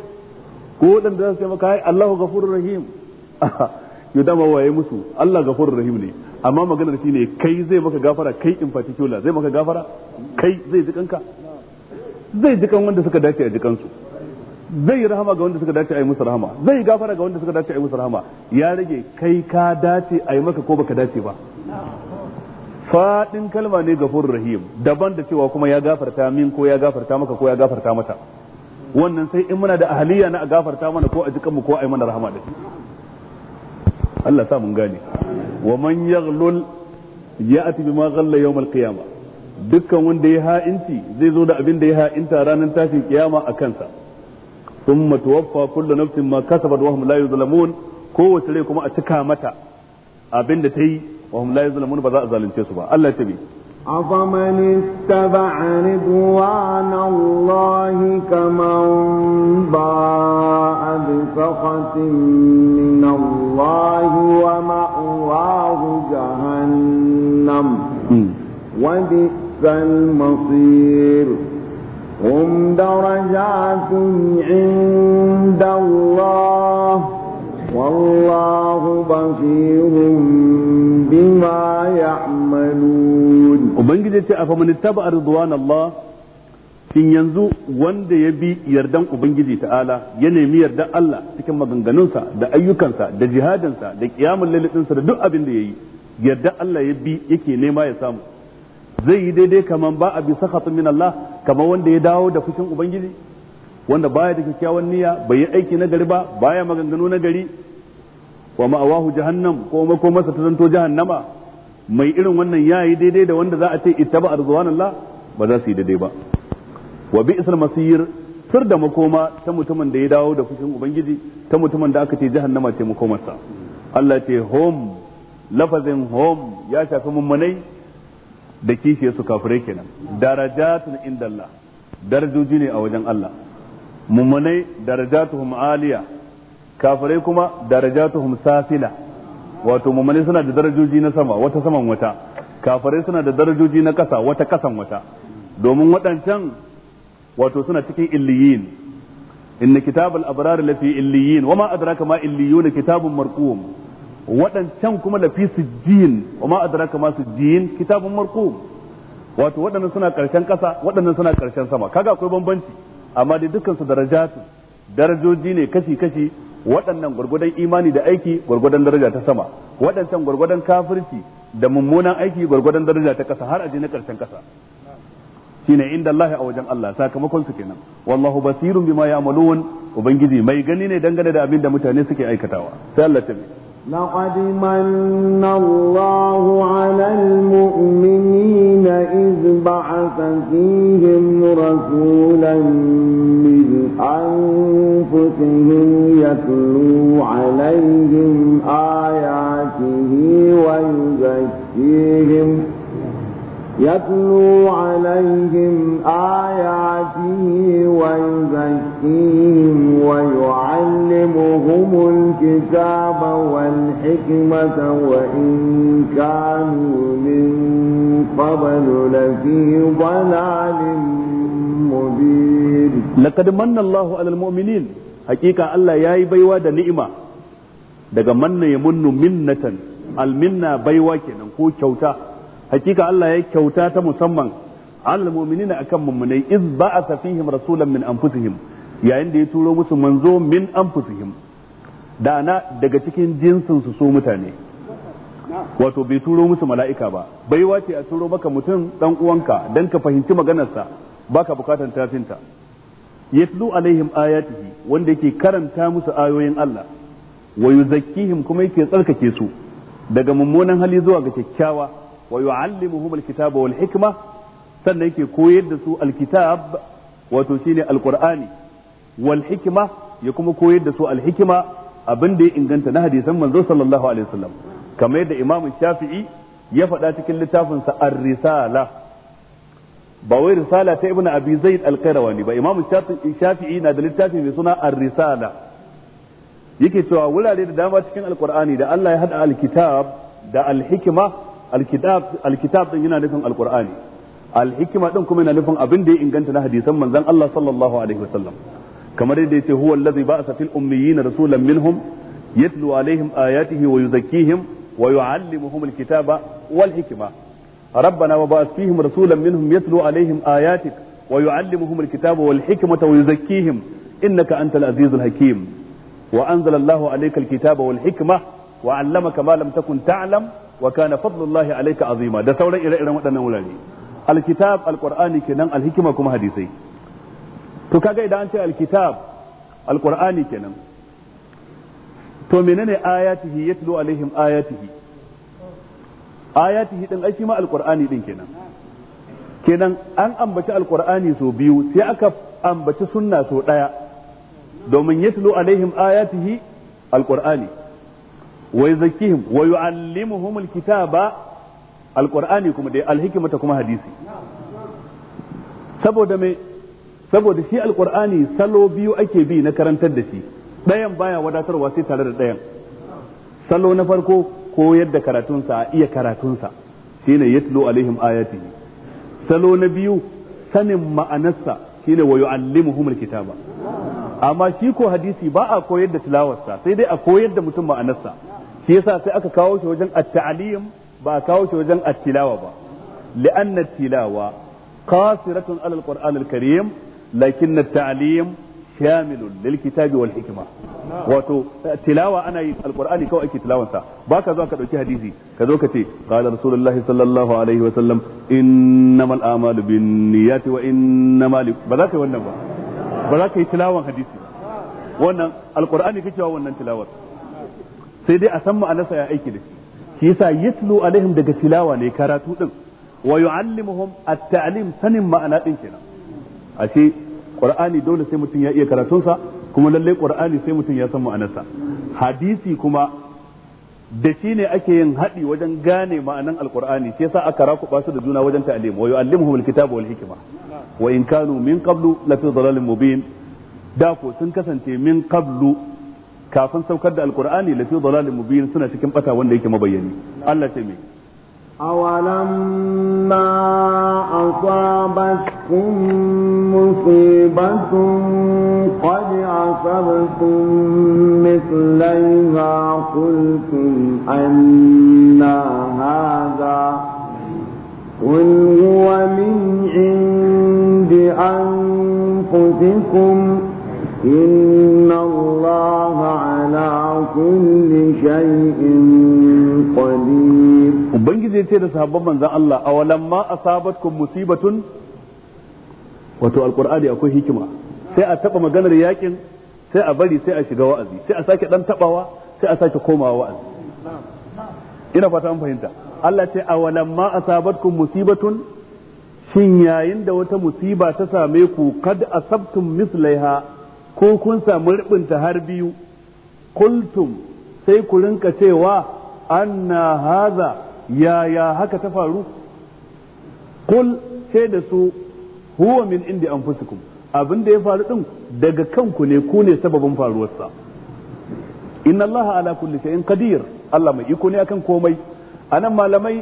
ko waɗanda za su ce maka Allahu furin rahim ya dama waye musu Allah furin rahim ne amma maganar shi ne kai zai maka gafara kai in kyola zai maka gafara kai zai ji kanka zai ji kan wanda suka dace a jikansu zai yi rahama ga wanda suka dace a yi musu rahama zai yi gafara ga wanda suka dace a yi musu rahama ya rage kai ka dace a yi maka ko baka dace ba Faɗin kalma ne gafurur rahim daban da cewa kuma ya gafarta min ko ya gafarta maka ko ya gafarta mata wannan sai in muna da ahaliya na a gafarta mana ko a jikanmu ko a yi mana rahama da Allah sa mun gane wa man yaghlul ya'ti bima ghalla yawm al-qiyamah dukkan wanda ya ha'inci zai zo da abin da ya ha'inta ranar tashin kiyama a kansa thumma tuwaffa kullu nafsin ma kasabat wa hum la yuzlamun kowace rai kuma a cika mata abin da ta yi وهم لا يظلمون بذاء ظالمتي سبا الله تبي أفمن اتبع رضوان الله كمن باء بسخط من الله ومأواه جهنم وبئس المصير هم درجات عند الله والله بصير bima ya'malun ubangiji ce afa man ittaba ridwanallah shin yanzu wanda ya bi yardan ubangiji ta'ala ya nemi yardan Allah cikin maganganunsa da ayyukansa da jihadinsa da kiyamul lailinsa da duk abin da yayi yardan Allah ya bi yake nema ya samu zai yi daidai kaman ba a bi sakhatun min Allah kaman wanda ya dawo da fushin ubangiji wanda baya da kyakkyawan niyya bai yi aiki na gari ba baya maganganu na gari wa ma'awahu jahannam ko makomarsa ta zanto jahannama mai irin wannan yayi daidai da wanda za a ce ittaba arzuwanallah ba za su yi daidai ba wa isal masir sir da makoma ta mutumin da ya dawo da fushin ubangiji ta mutumin da aka ce jahannama ce makomarsa Allah ce hom lafazin hom ya shafi mummunai da kishiye su kafirai kenan darajatun indallah darajoji ne a wajen Allah mummunai darajatuhum aliyah kafirai kuma darajatuhum safila wato mumani suna da darajoji na sama wata saman wata kafirai suna da darajoji na kasa wata kasan wata domin waɗancan wato suna cikin illiyin inna kitabal abrar lafi illiyin wama adraka ma illiyun kitabun marqum waɗancan kuma lafi sijjin wama adraka ma sijjin kitabun marqum wato waɗannan suna ƙarshen kasa waɗannan suna ƙarshen sama kaga akwai bambanci amma dai dukkan su darajatu darajoji ne kashi kashi waɗannan gwargwadon imani da aiki gwargwadon daraja ta sama waɗancan gwargwadon kafirci da mummunan aiki gwargwadon daraja ta ƙasa har aje na ƙarshen ƙasa shine inda Allah a wajen Allah sakamakon su kenan wallahu basirun bima ya'malun ubangiji mai gani ne dangane da abin da mutane suke aikatawa sai Allah ta لقد من الله على المؤمنين إذ بعث فيهم رسولا من أنفسهم يتلو عليهم آياته ويزكيهم يتلو عليهم آياته ويزكيهم ويعلمهم الكتاب والحكمة وإن كانوا من قبل لفي ضلال مبين لقد من الله على المؤمنين حقيقة الله يا بيوا دا نعمة لقد من يمن منة المنة alminna baiwa kenan hakika Allah ya kyauta ta musamman al mu'minina akan mummunai iz ba'atha fihim rasulan min anfusihim yayin da ya turo musu manzo min anfusihim dana daga cikin jinsin su su mutane wato bai turo musu mala'ika ba baiwa ce a turo maka mutum dan uwanka dan ka fahimci maganarsa baka bukatan tafinta yatlu alaihim ayatihi wanda yake karanta musu ayoyin Allah wa yuzakkihim kuma yake tsarkake su daga mummunan hali zuwa ga kyakkyawa wa yu'allimuhum alkitaba wal hikma sannan yake koyar da su alkitab wato shine alqur'ani wal ya kuma koyar da su alhikma abin da ya inganta na hadisan manzo sallallahu alaihi wasallam kamar shafi'i ya faɗa cikin littafinsa ar-risala ba wai risala ta ibnu abi zaid al-qayrawani ba imamu shafi'i na da littafi mai suna ar-risala yake cewa wulare da dama cikin alqur'ani da Allah ya hada al da al-hikma alkitab din yana nufin alqur'ani alhikima din kuma yana nufin abin da ya inganta na hadisan manzon Allah sallallahu alaihi wasallam kamar yadda yace huwa allazi ba'atha fil ummiyina rasulan minhum yatlu alaihim ayatihi wa yuzakkihim wa yu'allimuhum alkitaba wal hikma ربنا وبعث فيهم رسولا منهم wa عليهم آياتك ويعلمهم الكتاب والحكمة ويزكيهم إنك أنت العزيز الحكيم وأنزل الله عليك الكتاب والحكمة وعلمك ما لم تكن تعلم wa kana fadlullahi azima da sauran ire-iren waɗannan wurare alkitab alqur'ani kenan alhikima kuma hadisai to kaga idan an ce alkitab alqur'ani kenan to menene ayatihi yatlu alaihim ayatihi ayatihi din ai shi ma alqur'ani din kenan kenan an ambaci alqur'ani sau biyu sai aka ambaci sunna sau ɗaya domin yatlu alaihim ayatihi alqur'ani wa yuzakkihim wa yu'allimuhum alkitaba alqur'ani kuma dai alhikmata kuma hadisi saboda shi alqur'ani salo biyu ake bi na karantar da shi ɗayan baya wadatarwa sai tare da ɗayan salo na farko koyar da karatunsa a iya karatunsa shine yatlu alaihim ayati salo na biyu sanin ma'anarsa shine wa yu'allimuhum alkitaba amma shi ko hadisi ba a koyar da tilawarsa sai dai a koyar da mutum ma'anarsa shi yasa sai aka kawo shi wajen at-ta'lim ba a kawo shi wajen at-tilawa ba li'anna at-tilawa qasiratun 'ala al-qur'an al-karim lakin at-ta'lim shamilun lil kitabi wal hikma wato tilawa ana yi alqur'ani kawai ake tilawansa baka zo ka dauki hadisi ka zo ka ce qala rasulullahi sallallahu alaihi wa sallam innamal a'malu binniyati wa innamal ba za ka yi wannan ba ba za ka yi tilawan hadisi wannan alqur'ani kake wa wannan tilawar sai dai a san ma'anarsa ya aiki da shi shi yasa yatlu alaihim daga tilawa ne karatu din wa yu'allimuhum at-ta'lim sanin ma'ana din kenan ashe qur'ani dole sai mutum ya iya karatun sa kuma lalle qur'ani sai mutum ya san ma'anarsa hadisi kuma da shi ne ake yin haɗi wajen gane ma'anan alqur'ani sai yasa aka rakuba su da juna wajen ta'lim wa yu'allimuhum al-kitaba wal hikma wa in kanu min qablu la fi dhalalin mubin da ko sun kasance min qablu kafin saukar da alqur'ani la fi dalalin mubin suna cikin bata wanda yake mabayyani Allah ce me awalamma أصابتكم musibatun qad asabtum مثليها qultum anna hadha قل هو من عند أنفسكم إن الله على كل شيء قدير وبنجد يتير صحابة من ذا الله أولما أصابتكم مصيبة وتو القرآن يقول هكما سيئة a taba رياكين سيئة بلي سيئة شغا sai سيئة shiga wa'azi sai a sake dan tabawa sai a sake komawa wa'azi ina fata an fahimta Allah ce a ma asabatkum musibatun shin yayin da wata musiba ta same ku kad asabtum mislaiha ko kun samu ribinta har biyu kultum sai ku rinka cewa anna haza yaya haka ta faru kul sai da su huwa min indi anfusikum abin da ya faru din daga kanku ne ku ne sababin faruwarsa inna allaha ala kulli shay'in qadir Allah mai iko ne akan komai anan malamai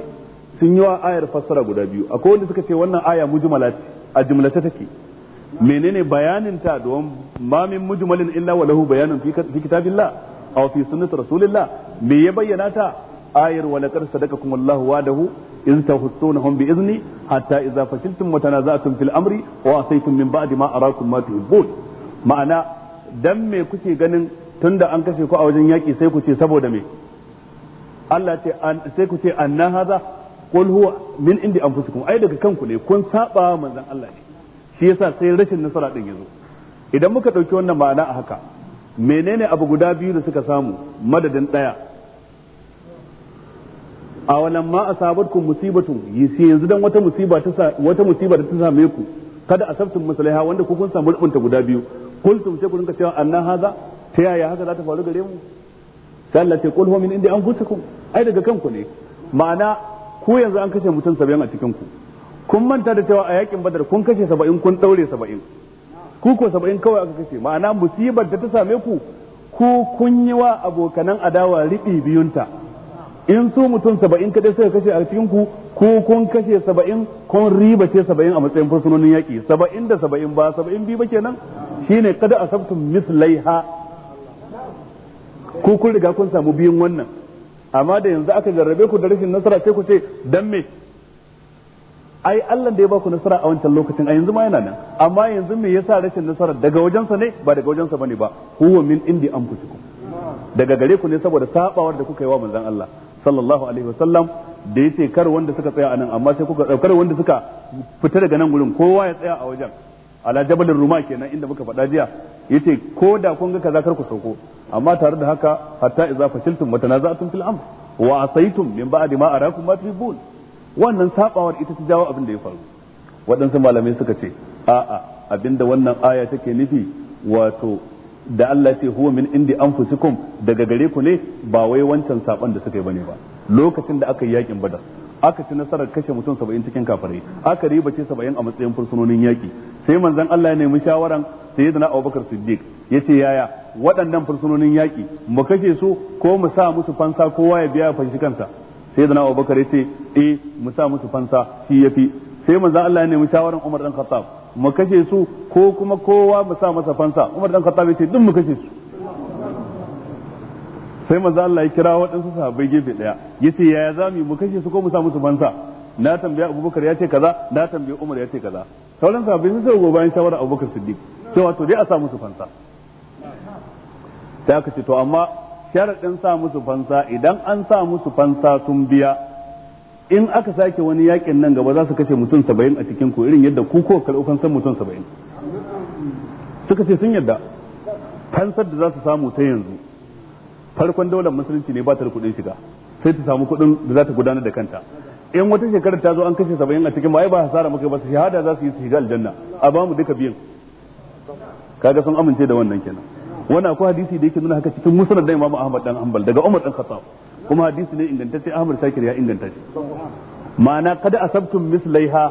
sun yi wa ayar fassara guda biyu akwai wanda suka ce wannan aya mujmalat a jumlata take menene bayanin ta don ma min mujmalin illa wa lahu bayanun fi kitabillah aw fi sunnati rasulillah me ya bayyana ta ayar wa laqad sadaqakum Allahu wa'dahu in tahussunahum bi izni hatta idza fashiltum wa tanaza'tum fil amri wa asaytum min ba'di ma arakum ma tuhibbun ma'ana dan me kuke ganin tunda an kashe ku a wajen yaki sai ku ce saboda me Allah ce sai ku ce anna hadha qul huwa min indi anfusikum ai daga kanku ne kun saba manzon Allah ne shi yasa sai rashin nasara din yazo idan muka ɗauki wannan ma'ana a haka menene abu guda biyu da suka samu madadin ɗaya a wannan ma asabatkum musibatu yisi yanzu dan wata musiba ta wata musiba da ta same ku kada asabtum musliha wanda ku kun samu rubunta guda biyu kuntum sai ku rinka cewa anna haza ta yaya haka za ta faru gare mu sai Allah ce qul min indi anfusikum ai daga kanku ne ma'ana ku yanzu an kashe mutum sabiyan a cikin ku kun manta da cewa a yakin badar kun kashe saba'in kun daure saba'in ku ko saba'in kawai aka kashe ma'ana musibar da ta same ku ku kun yi wa abokanan adawa riɓi biyunta in su mutum saba'in kaɗai suka kashe a cikin ku ku kun kashe saba'in kun riba ce saba'in a matsayin fursunonin yaƙi saba'in da saba'in ba saba'in biyu ba kenan shine kada mislai ha ku kun riga kun samu biyun wannan amma da yanzu aka jarrabe ku da rashin nasara sai ku ce dan me ai Allah da ya baku nasara a wancan lokacin a yanzu ma yana nan amma yanzu me yasa rashin nasara daga wajensa ne ba daga wajensa bane ba huwa min indi anfusikum daga gare ku ne saboda sabawar da kuka yi wa manzon Allah sallallahu alaihi wasallam da yace kar wanda suka tsaya anan amma sai kuka kar wanda suka fita daga nan gurin kowa ya tsaya a wajen ala jabalin ruma kenan inda muka faɗa jiya yace ko da kun ga kaza kar ku sauko amma tare da haka hatta idza fashiltum wa tanaza'tum fil amr wa asaytum min ba'di ma arakum ma tuhibbun wannan sabawar ita ta jawo abin da ya faru waɗansu malamai suka ce a'a abinda wannan aya take nufi wato da Allah ce huwa min indi anfusikum daga gare ku ne ba wai wancan sabon da suka yi bane ba lokacin da aka yi yakin badar aka ci nasarar kashe mutum 70 cikin kafirai aka riba ce saba'in a matsayin fursunonin yaki sai manzon Allah ya nemi shawaran sayyidina Abubakar Siddiq yace yaya waɗannan fursunonin yaki mu kashe su ko mu sa musu fansa kowa ya biya fanshi kansa sai da nawa bakar yace eh mu sa musu fansa shi yafi sai manzon Allah ya nemi shawaran Umar dan Khattab mu kashe su ko kuma kowa mu sa masa fansa Umar dan Khattab yace duk mu kashe su sai manzon Allah ya kira waɗansu sahabbai gefe daya yace yaya za mu mu kashe su ko mu sa musu fansa na tambaya Abubakar ya ce kaza na tambaya Umar ya ce kaza sauran sahabbai sun sai gobe bayan shawarar Abubakar Siddiq cewa to dai a sa musu fansa sai aka ce to amma sharaɗin sa musu fansa idan an sa musu fansa sun biya in aka sake wani yakin nan gaba za su kashe mutum saba'in a cikin ku irin yadda ku ko fansan mutum saba'in suka ce sun yadda fansar da za su samu ta yanzu farkon daular musulunci ne ba ta da kuɗin shiga sai ta samu kuɗin da za ta gudanar da kanta in wata shekarar ta zo an kashe saba'in a cikin ba ai ba hasara muka ba su shahada za su yi su shiga aljanna a ba mu duka biyan kaga sun amince da wannan kenan wani akwai hadisi da yake nuna haka cikin musnad da imamu Ahmad dan Hanbal daga Umar dan Khattab kuma hadisi ne ingantacce Ahmad Shakir ya inganta shi ma'ana kada asabtum mislaiha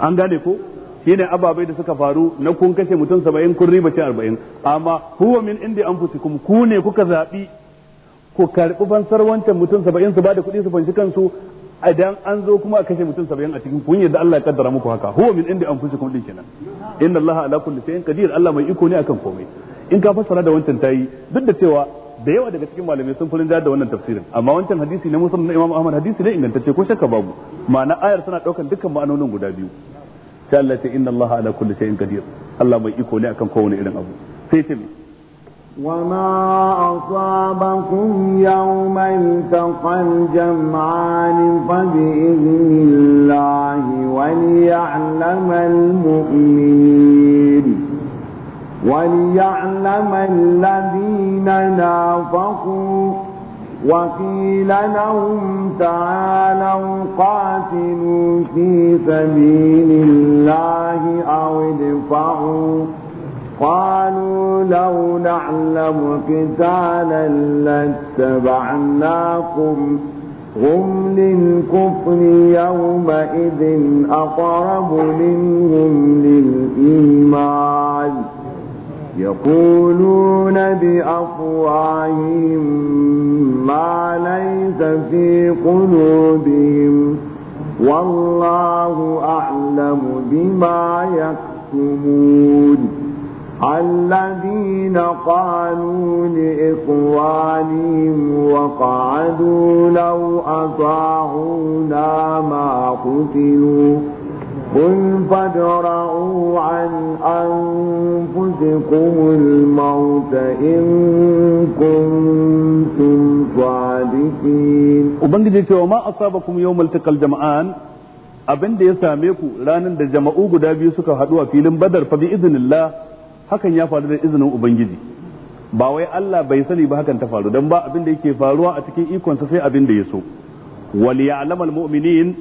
an gane ko shi ne ababai da suka faru na kun kashe mutum saba'in kun riba ce arba'in amma huwa min indi anfusikum ku ne kuka zaɓi ku karɓi fansar wancan mutum saba'in su da kuɗi su fanshi kansu idan an zo kuma a kashe mutum saba'in a cikin kun da Allah ya kaddara muku haka huwa min inda anfusikum din kenan inna Allah ala kulli shay'in qadir Allah mai iko ne akan komai in ka fassara da wancan tayi duk da cewa da yawa daga cikin malamai sun furin da wannan tafsirin amma wancan hadisi ne musulun na Imam Ahmad hadisi ne ingantacce ko shakka babu ma'ana ayar suna daukan dukkan ma'anonin guda biyu sai Allah ya inna Allah ala kulli shay'in qadir Allah mai iko ne akan kowane irin abu sai ce وما أصابكم يوم التقى الجمعان فبإذن الله وليعلم المؤمنين وليعلم الذين نافقوا وقيل لهم تعالوا قاتلوا في سبيل الله أو ادفعوا قالوا لو نعلم قتالا لاتبعناكم هم للكفر يومئذ أقرب منهم للإيمان يقولون بأفواههم ما ليس في قلوبهم والله أعلم بما يكتمون الذين قالوا لإخوانهم وقعدوا لو أطاعونا ما قتلوا قل فادرعوا عن أنفسكم الموت إن كنتم صادقين وبنجد وما أصابكم يوم التقى الجمعان أبندي da ya same ku ranar da jama'u guda فبإذن الله hakan ya faru da izinin ubangiji ba wai Allah bai sani ba hakan ta faru dan ba abin da yake faruwa a cikin ikonsa sai abin da ya so ya'lam al mu'minin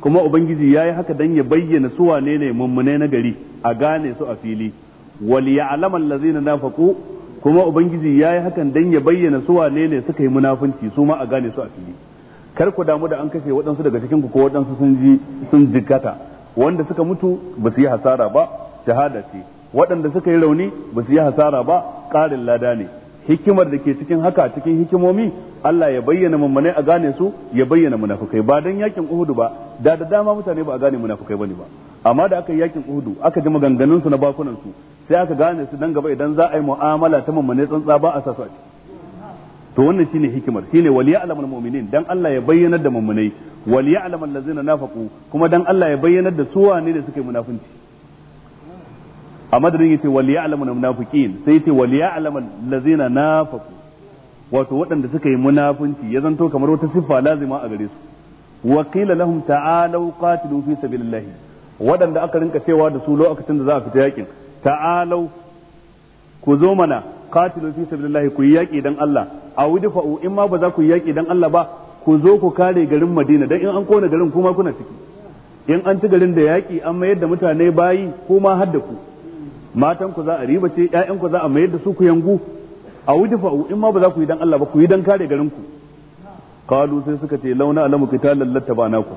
kuma ubangiji yayi haka dan ya bayyana su wane ne mummune na gari a gane su a fili wal ya'lam allazina nafaqu kuma ubangiji yayi hakan dan ya bayyana su wane ne suka yi munafunci su ma a gane su a fili kar ku damu da an kashe waɗansu daga cikin ku ko waɗansu sun ji sun jikata wanda suka mutu ba su yi hasara ba shahada ce waɗanda suka yi rauni ba su yi hasara ba ƙarin lada ne hikimar da ke cikin haka cikin hikimomi Allah ya bayyana mummune a gane su ya bayyana munafukai ba dan yakin Uhudu ba da da dama mutane ba a gane munafukai bane ba amma da aka yi yakin Uhudu aka ji maganganun su na bakunan su sai aka gane su dan gaba idan za a yi mu'amala ta mummune tsantsa ba a sa to wannan shine hikimar shine wal mu'minin dan Allah ya bayyana da mummunai wal ya'lamul ladzina nafaqu kuma dan Allah ya bayyana da su wane da suke munafunci a madadin yace wal ya'lamu munafiqin sai yace wal ya'lamu allazina nafaqu wato waɗanda suka yi munafunci ya zanto kamar wata siffa lazima a gare su wa qila lahum ta'alu qatilu fi sabilillahi waɗanda aka rinka cewa da su lokacin da za a fita yakin ta'alu ku zo mana qatilu fi sabilillahi ku yi yaki dan Allah a fa'u in ma ba za ku yi yaki dan Allah ba ku zo ku kare garin Madina dan in an kona garin kuma kuna ciki in an ci garin da yaki an mayar da mutane bayi kuma har da ku matan ku za a ce ƴaƴan ku za a mayar da su ku yangu a wujufa in ma ba za ku yi dan Allah ba ku yi dan kare garin ku qalu sai suka ce launa alamu qitalan ku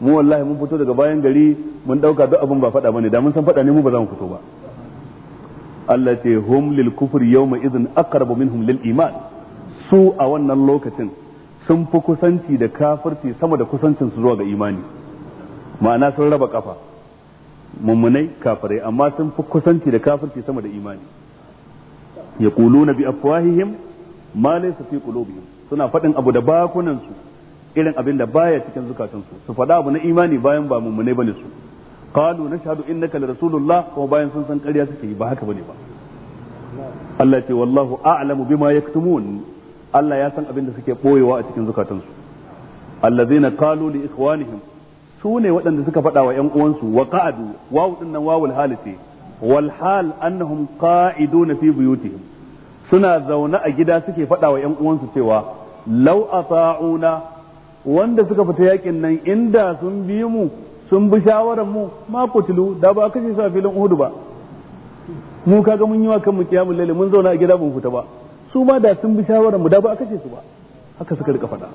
mu wallahi mun fito daga bayan gari mun dauka duk abin ba fada bane da mun san fada ne mu ba za mu fito ba Allah ce hum lil kufri yawma idhin aqrabu minhum lil iman su a wannan lokacin sun fi kusanci da kafirci sama da kusancin su zuwa ga imani ma'ana sun raba kafa mummunai kafirai amma sun fi kusanci da kafirci sama da imani yaquluna bi afwahihim ma laysa fi qulubihim suna faɗin abu da bakunan su irin abin da baya cikin zukatansu su faɗa abu na imani bayan ba mummunai bane su qalu nashhadu innaka la rasulullah kuma bayan sun san ƙarya suke yi ba haka bane ba Allah ce wallahu a'lamu bima yaktumun Allah ya san abin da suke boyewa a cikin zukatansu allazina qalu li ikhwanihim su ne waɗanda suka faɗa wa 'yan uwansu wa qa'adu wawu din nan wawul ce wal hal annahum qa'iduna fi buyutihim suna zaune a gida suke faɗa wa 'yan uwansu cewa law ata'una wanda suka fita yakin nan inda sun bi mu sun bi shawaran mu ma kutulu da ba kace su a filin Uhud ba mu kaga mun yi wa kanmu kiyamul laili mun zauna a gida mun fita ba su ma da sun bi shawaran mu da ba kace su ba haka suka rika faɗa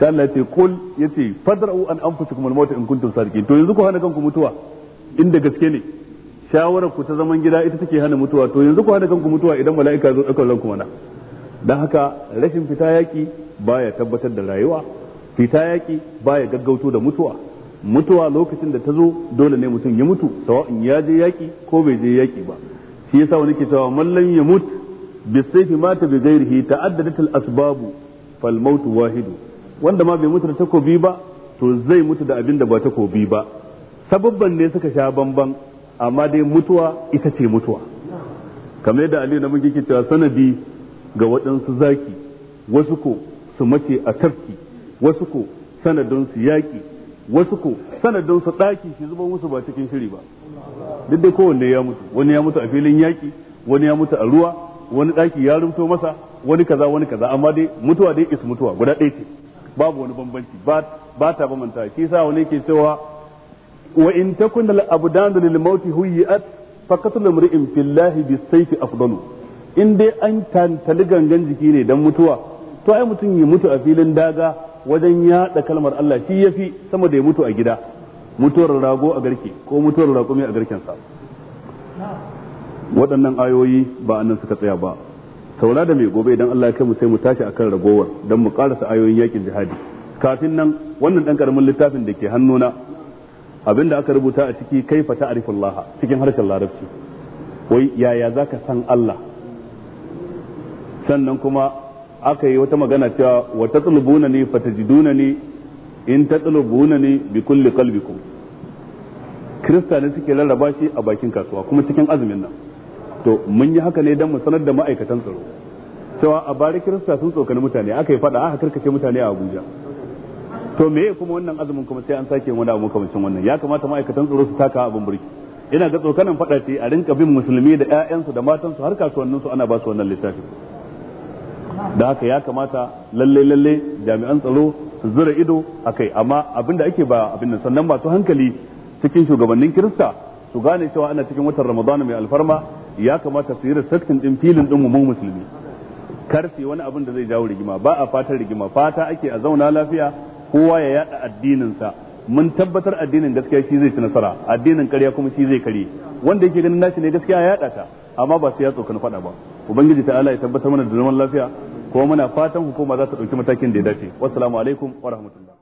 sai Allah ce kul yace fadra'u an anfusukum al-maut in kuntum sadiqin to yanzu ku hana kanku mutuwa inda gaske ne shawarar ku ta zaman gida ita take hana mutuwa to yanzu ku hana kanku mutuwa idan mala'ika zo daukar ranku mana dan haka rashin fita yaki baya tabbatar da rayuwa fita yaki baya gaggauto da mutuwa mutuwa lokacin da ta zo dole ne mutum ya mutu sawa'in ya je yaki ko bai je yaki ba shi yasa wani ke cewa mallan ya mutu bisayfi mata bi ghairihi ta'addadatul al-asbabu fal mautu wahidu wanda ma bai mutu da takobi ba to zai mutu da abin da ba takobi ba sababban ne suka sha bamban amma dai mutuwa ita ce mutuwa kamar yadda aliyu na muke cewa sanadi ga waɗansu zaki wasu ko su mace a tafki wasu ko sanadin su yaƙi wasu ko sanadin su ɗaki shi zuba musu ba cikin shiri ba duk da kowanne ya mutu wani ya mutu a filin yaƙi wani ya mutu a ruwa wani ɗaki ya rumto masa wani kaza wani kaza amma dai mutuwa dai is mutuwa guda ɗaya ce babu wani bambanci ba ta bambanta shi sa wani ke cewa wa in takun al abdanu lil maut huyiat faqatul imri'in fillahi bisayf afdalu in dai an tantali gangan jiki ne dan mutuwa to ai mutum ya mutu a filin daga wajen yaɗa kalmar Allah shi yafi sama da ya mutu a gida mutuwar rago a garke ko mutuwar raƙumi a garkensa waɗannan ayoyi ba annan suka tsaya ba saura da mai gobe idan Allah ya kai mu sai mu tashi akan ragowar dan mu karasa ayoyin yakin jihadi kafin nan wannan dan karamin littafin da ke hannuna abinda aka rubuta a ciki kai kaifa laha cikin harshen larabci wai yaya zaka san Allah sannan kuma aka yi wata magana cewa wa tatlubuna ni fatajiduna ni in tatlubuna ni bi kulli qalbikum krista suke rarraba shi a bakin kasuwa kuma cikin azumin nan to mun yi haka ne dan mu sanar da ma'aikatan tsaro cewa a bari kirista sun tsokani mutane aka yi fada aka karkace mutane a Abuja to me kuma wannan azumin kuma sai an sake wani abu kamacin wannan ya kamata ma'aikatan tsaro su taka abin burki ina ga tsokanan fada ce a rinka bin musulmi da ƴaƴansu da matansu har kasuwannin su ana ba su wannan littafi da haka ya kamata lalle lalle jami'an tsaro su zura ido akai amma abinda ake ba abin nan sannan masu hankali cikin shugabannin kirista su gane cewa ana cikin watan ramadana mai alfarma ya kamata su yi respecting din filin din mu musulmi kar su wani abin da zai jawo rigima ba a fatan rigima fata ake a zauna lafiya kowa ya yada addinin sa mun tabbatar addinin gaskiya shi zai ci nasara addinin ƙarya kuma shi zai kare wanda yake ganin nashi ne gaskiya ya yada ta amma ba su ya tsokan faɗa ba ubangiji ta Allah ya tabbatar mana da zaman lafiya kuma muna fatan hukuma za ta ɗauki matakin da ya dace wassalamu alaikum wa rahmatullah